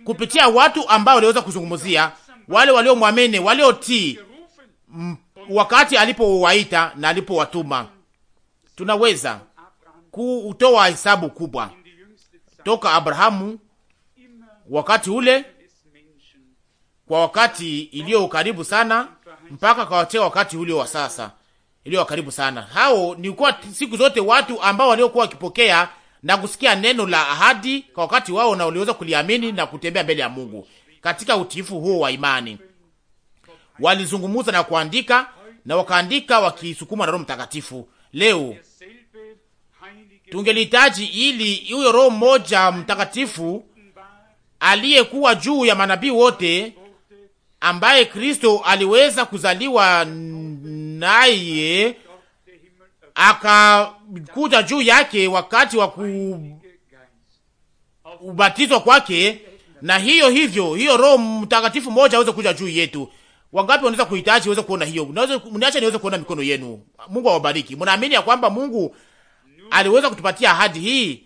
kupitia watu ambao waliweza kuzungumzia wale waliomwamini, waliotii wakati alipowaita na alipowatuma. Tunaweza kutoa hesabu kubwa toka Abrahamu wakati ule kwa wakati iliyo karibu sana mpaka kawatia wakati ule wa sasa iliyo karibu sana. Hao ni kwa siku zote watu ambao waliokuwa wakipokea na kusikia neno la ahadi kwa wakati wao, na waliweza kuliamini na kutembea mbele ya Mungu katika utiifu huo wa imani. Walizungumza na kuandika na wakaandika wakisukumwa na Roho Mtakatifu. Leo tungelihitaji ili huyo Roho mmoja Mtakatifu aliyekuwa juu ya manabii wote ambaye Kristo aliweza kuzaliwa naye akakuja juu yake wakati wa kubatizwa kwake, na hiyo hivyo hiyo Roho Mtakatifu moja aweze kuja juu yetu. Wangapi wanaweza kuhitaji aweze kuona hiyo? Unaweza mniacha niweze kuona mikono yenu. Mungu awabariki. Mnaamini ya kwamba Mungu aliweza kutupatia ahadi hii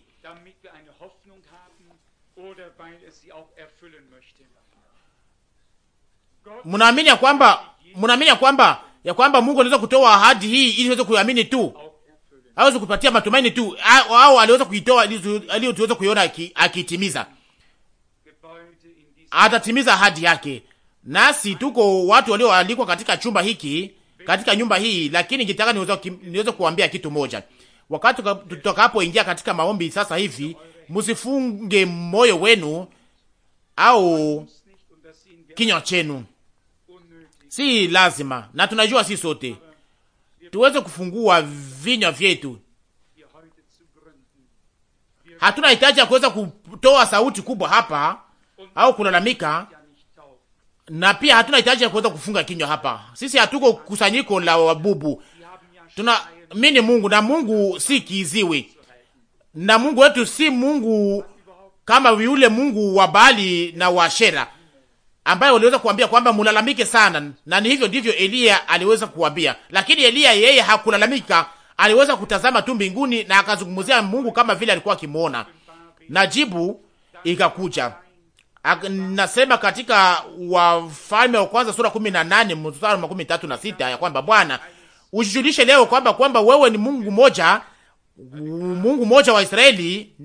er Mnaamini ya kwamba mnaamini ya kwamba ya kwamba Mungu anaweza kutoa ahadi hii ili tuweze kuamini tu, aweze kupatia matumaini tu, au aliweza kuitoa ili tuweze kuiona akitimiza, atatimiza ahadi yake. Nasi tuko watu walioalikwa katika chumba hiki, katika nyumba hii, lakini nitaka niweze kuambia kitu moja. Wakati tutakapoingia katika maombi sasa hivi, msifunge moyo wenu au kinywa chenu si lazima, na tunajua si sote tuweze kufungua vinywa vyetu. Hatuna hitaji ya kuweza kutoa sauti kubwa hapa au kulalamika, na pia hatuna hitaji ya kuweza kufunga kinywa hapa. Sisi hatuko kusanyiko la wabubu, tuna mini Mungu na Mungu si kiziwi na Mungu wetu si Mungu kama yule Mungu wa Baali na wa Shera ambaye waliweza kuambia kwamba mulalamike sana, na ni hivyo ndivyo Eliya aliweza kuambia. Lakini Eliya yeye hakulalamika, aliweza kutazama tu mbinguni na akazungumzia Mungu kama vile alikuwa akimwona, na jibu ikakuja. Nasema katika Wafalme wa Kwanza sura 18 mstari wa 13 na sita ya kwamba Bwana ujijulishe leo kwamba kwamba wewe ni Mungu moja, Mungu moja wa Israeli,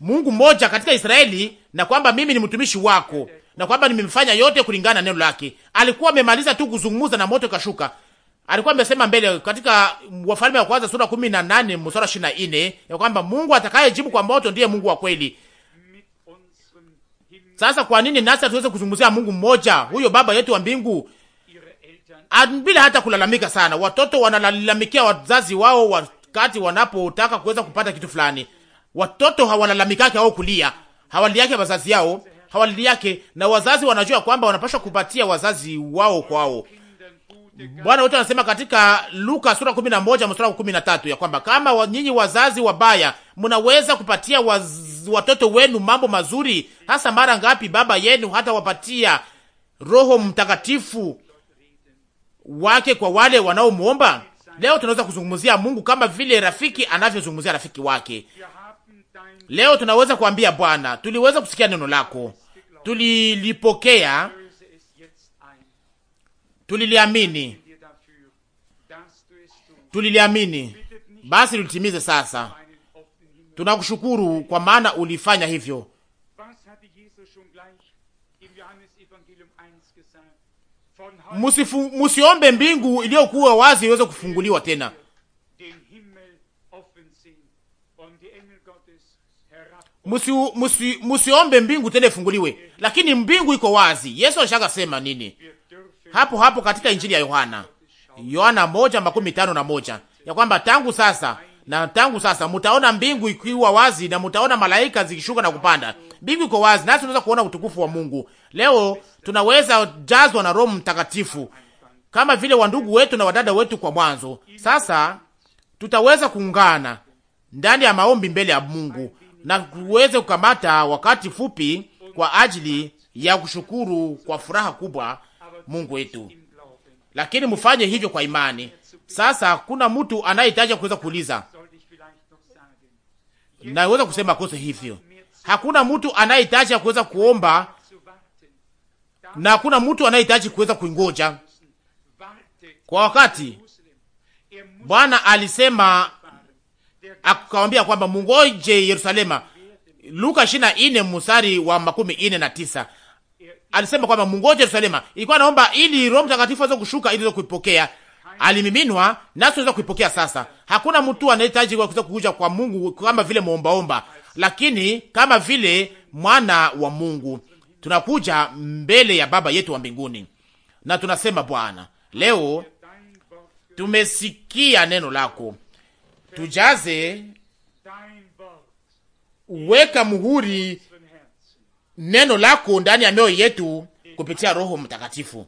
Mungu moja katika Israeli, na kwamba mimi ni mtumishi wako na kwamba nimemfanya yote kulingana na neno lake. Alikuwa amemaliza tu kuzungumza na moto kashuka. Alikuwa amesema mbele katika Wafalme wa kwanza sura 18 mstari 24 ya kwamba Mungu atakayejibu kwa moto ndiye Mungu wa kweli. Sasa kwa nini nasi tuweze kuzungumzia Mungu mmoja huyo baba yetu wa mbingu ah, bila hata kulalamika sana? Watoto wanalalamikia wazazi wao wakati wanapotaka kuweza kupata kitu fulani. Watoto hawalalamikake au kulia, hawaliake wazazi yao hawalili yake, na wazazi wanajua kwamba wanapaswa kupatia wazazi wao kwao. Bwana wetu anasema katika Luka sura 11 mstari wa 13 ya kwamba kama nyinyi wazazi wabaya mnaweza kupatia waz, watoto wenu mambo mazuri, hasa mara ngapi baba yenu hata wapatia Roho Mtakatifu wake kwa wale wanaomwomba. Leo tunaweza kuzungumzia Mungu kama vile rafiki anavyozungumzia rafiki wake. Leo tunaweza kuambia Bwana, tuliweza kusikia neno lako tulilipokea, tuliliamini, tuliliamini, basi tulitimize sasa. Tunakushukuru kwa maana ulifanya hivyo. Musifu, musiombe mbingu iliyokuwa wazi iweze kufunguliwa tena. musi, musi, musi mbingu tena ifunguliwe, lakini mbingu iko wazi. Yesu alishaka sema nini hapo hapo katika injili ya Yohana, Yohana moja makumi tano na moja ya kwamba tangu sasa na tangu sasa mtaona mbingu ikiwa wazi na mtaona malaika zikishuka na kupanda. Mbingu iko wazi, nasi tunaweza kuona utukufu wa Mungu. Leo tunaweza jazwa na Roho Mtakatifu kama vile wandugu wetu na wadada wetu kwa mwanzo. Sasa tutaweza kuungana ndani ya maombi mbele ya Mungu na tuweze kukamata wakati fupi kwa ajili ya kushukuru kwa furaha kubwa Mungu wetu, lakini mfanye hivyo kwa imani. Sasa kuna mtu anayehitaji kuweza kuuliza, naweza kusema kosa hivyo. Hakuna mtu anayehitaji kuweza kuomba na hakuna mtu anayehitaji kuweza kuingoja kwa wakati. Bwana alisema akawambia kwamba mungoje Yerusalema. Luka ishirini na nne mstari wa makumi nne na tisa alisema kwamba mungoje Yerusalema. Ilikuwa naomba ili Roho Mtakatifu aweze kushuka ili kuipokea alimiminwa nasi tunaweza kuipokea sasa. Hakuna mtu anayehitaji kuweza kuja kwa Mungu kama vile muombaomba, lakini kama vile mwana wa Mungu tunakuja mbele ya Baba yetu wa mbinguni na tunasema, Bwana, leo tumesikia neno lako, tujaze weka muhuri neno lako ndani ya mioyo yetu kupitia Roho Mtakatifu,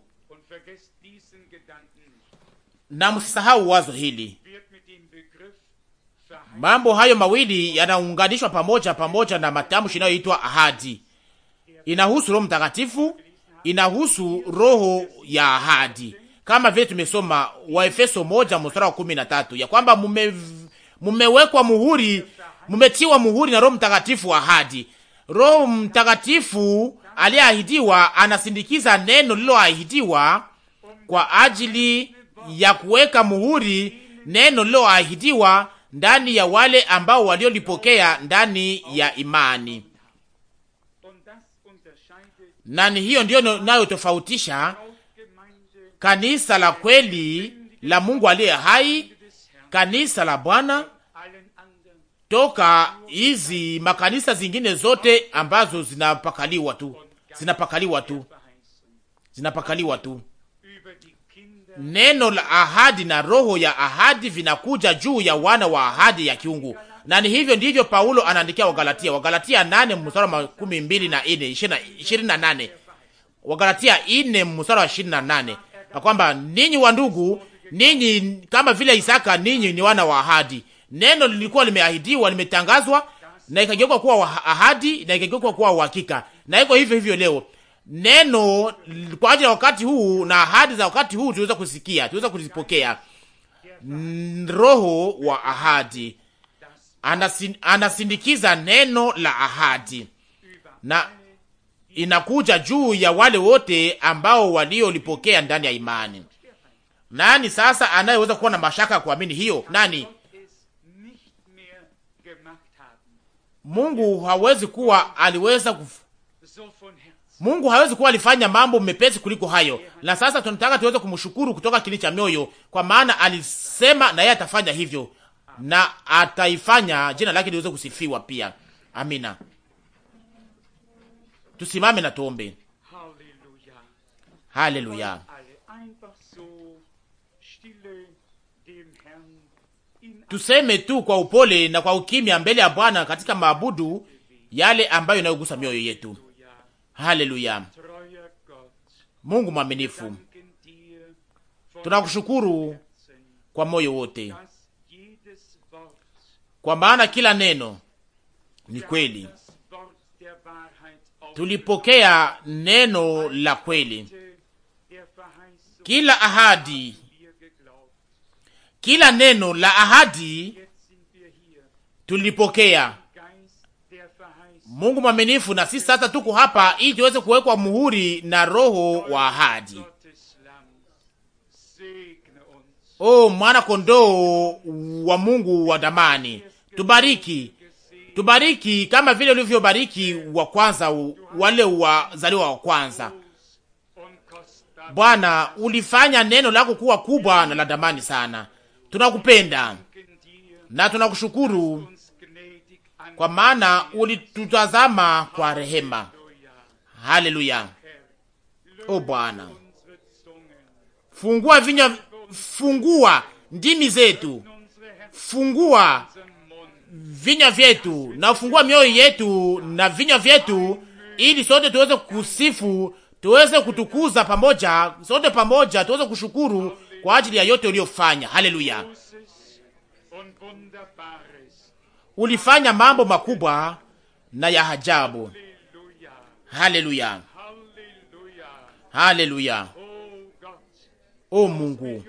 na msisahau wazo hili. Mambo hayo mawili yanaunganishwa pamoja pamoja na matamshi inayoitwa ahadi. Inahusu Roho Mtakatifu, inahusu roho ya ahadi, kama vile tumesoma Waefeso moja mstari wa kumi na tatu ya kwamba mume mumewekwa muhuri, mumetiwa muhuri na Roho Mtakatifu wa ahadi. Roho Mtakatifu aliyeahidiwa anasindikiza neno lililoahidiwa kwa ajili ya kuweka muhuri neno lililoahidiwa ndani ya wale ambao waliolipokea ndani ya imani. Na ni hiyo ndiyo inayotofautisha kanisa la kweli la Mungu aliye hai kanisa la Bwana toka hizi makanisa zingine zote ambazo zinapakaliwa tu, zinapakaliwa tu, zinapakaliwa tu. Neno la ahadi na roho ya ahadi vinakuja juu ya wana wa ahadi ya kiungu, na ni hivyo ndivyo Paulo anaandikia Wagalatia, Wagalatia 8 mstari wa 12 na 4 28, Wagalatia 4 mstari wa 28, na kwamba ninyi wa ndugu ninyi kama vile Isaka, ninyi ni wana wa ahadi. Neno lilikuwa limeahidiwa, limetangazwa na ikageuka kuwa ahadi na ikageuka kuwa uhakika, na iko hivyo hivyo leo neno kwa ajili ya wakati huu na ahadi za wakati huu tuweza kusikia, tuweza kuzipokea. Roho wa ahadi anasin, anasindikiza neno la ahadi na inakuja juu ya wale wote ambao waliolipokea ndani ya imani. Nani sasa anayeweza kuwa na mashaka ya kuamini hiyo? Nani? Mungu hawezi kuwa aliweza kuf... Mungu hawezi kuwa alifanya mambo mepesi kuliko hayo. Na sasa tunataka tuweze kumshukuru kutoka kili cha mioyo, kwa maana alisema na yeye atafanya hivyo na ataifanya, jina lake liweze kusifiwa pia. Amina. Tusimame na tuombe. Haleluya. tuseme tu kwa upole na kwa ukimya mbele ya Bwana katika maabudu yale ambayo inayogusa mioyo yetu. Haleluya! Mungu mwaminifu, tunakushukuru kwa moyo wote, kwa maana kila neno ni kweli. Tulipokea neno la kweli, kila ahadi kila neno la ahadi tulipokea. Mungu mwaminifu, na sisi sasa tuko hapa ili tuweze kuwekwa muhuri na roho wa ahadi. O mwana kondoo wa Mungu wa damani, tubariki, tubariki kama vile ulivyobariki wa kwanza, wale wazaliwa wa kwanza. Bwana, ulifanya neno lako kuwa kubwa na la damani sana, tunakupenda na tunakushukuru kwa maana ulitutazama kwa rehema. Haleluya! O Bwana, fungua vinywa, fungua ndimi zetu, fungua vinywa vyetu na fungua mioyo yetu na vinywa vyetu, ili sote tuweze kusifu, tuweze kutukuza pamoja, sote pamoja tuweze kushukuru kwa ajili ya yote uliyofanya. Haleluya, ulifanya mambo makubwa na ya ajabu. Haleluya, haleluya. O Mungu,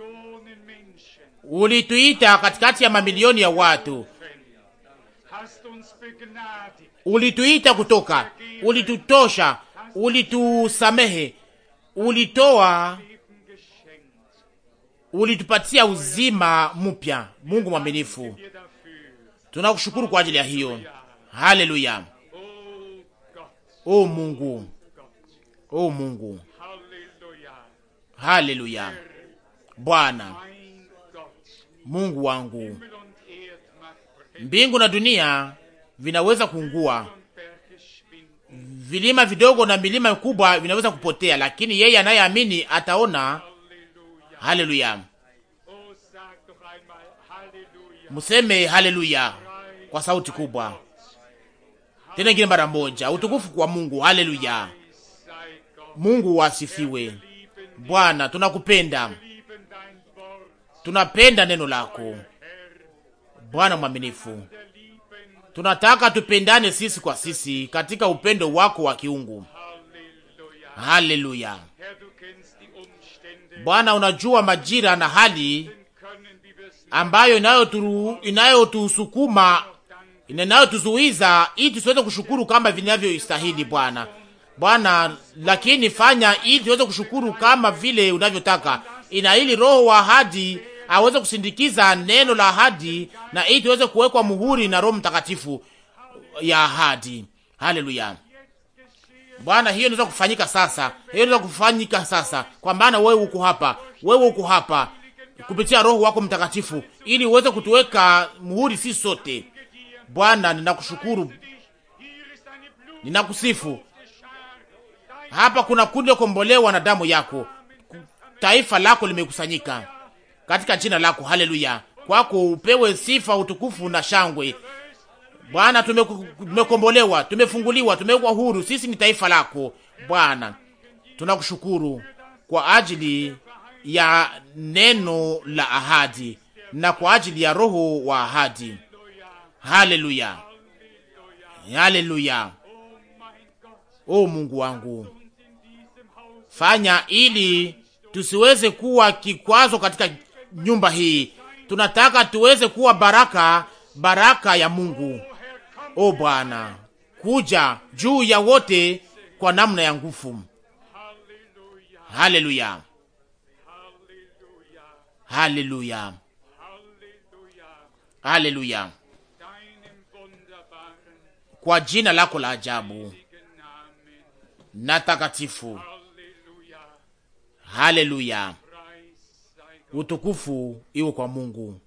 ulituita katikati ya mamilioni ya watu, ulituita kutoka, ulitutosha, ulitusamehe, ulitoa ulitupatia uzima mpya. Mungu mwaminifu, tunakushukuru kwa ajili ya hiyo. Haleluya! Oh Mungu, oh Mungu, haleluya! Bwana Mungu wangu, mbingu na dunia vinaweza kuungua, vilima vidogo na milima mikubwa vinaweza kupotea, lakini yeye anayeamini ataona Haleluya, museme haleluya kwa sauti kubwa, tena ingine mara moja, utukufu kwa Mungu. Haleluya, Mungu wasifiwe. Bwana, tunakupenda, tunapenda neno lako Bwana mwaminifu. Tunataka tupendane sisi kwa sisi katika upendo wako wa kiungu. Haleluya. Bwana, unajua majira na hali ambayo inayotusukuma inayotuzuiza ili tusiweze kushukuru kama vinavyoistahili Bwana. Bwana, lakini fanya ili tuweze kushukuru kama vile unavyotaka, ina ili Roho wa ahadi aweze kusindikiza neno la ahadi, na ili tuweze kuwekwa muhuri na Roho Mtakatifu ya ahadi. Haleluya. Bwana, hiyo inaweza kufanyika sasa, hiyo inaweza kufanyika sasa, kwa maana wewe uko hapa, wewe uko hapa kupitia Roho wako Mtakatifu ili uweze kutuweka muhuri sisi sote. Bwana, ninakushukuru, ninakusifu. Hapa kuna kundi kombolewa na damu yako, taifa lako limekusanyika katika jina lako. Haleluya! Kwako upewe sifa, utukufu na shangwe. Bwana, tumekombolewa, tumefunguliwa, tumewekwa huru. Sisi ni taifa lako Bwana. Tunakushukuru kwa ajili ya neno la ahadi na kwa ajili ya roho wa ahadi. Haleluya, haleluya! O Mungu wangu, fanya ili tusiweze kuwa kikwazo katika nyumba hii. Tunataka tuweze kuwa baraka, baraka ya Mungu. O Bwana, kuja juu ya wote kwa namna ya nguvu. Haleluya, haleluya, haleluya, kwa jina lako la ajabu na takatifu. Haleluya, utukufu iwe kwa Mungu.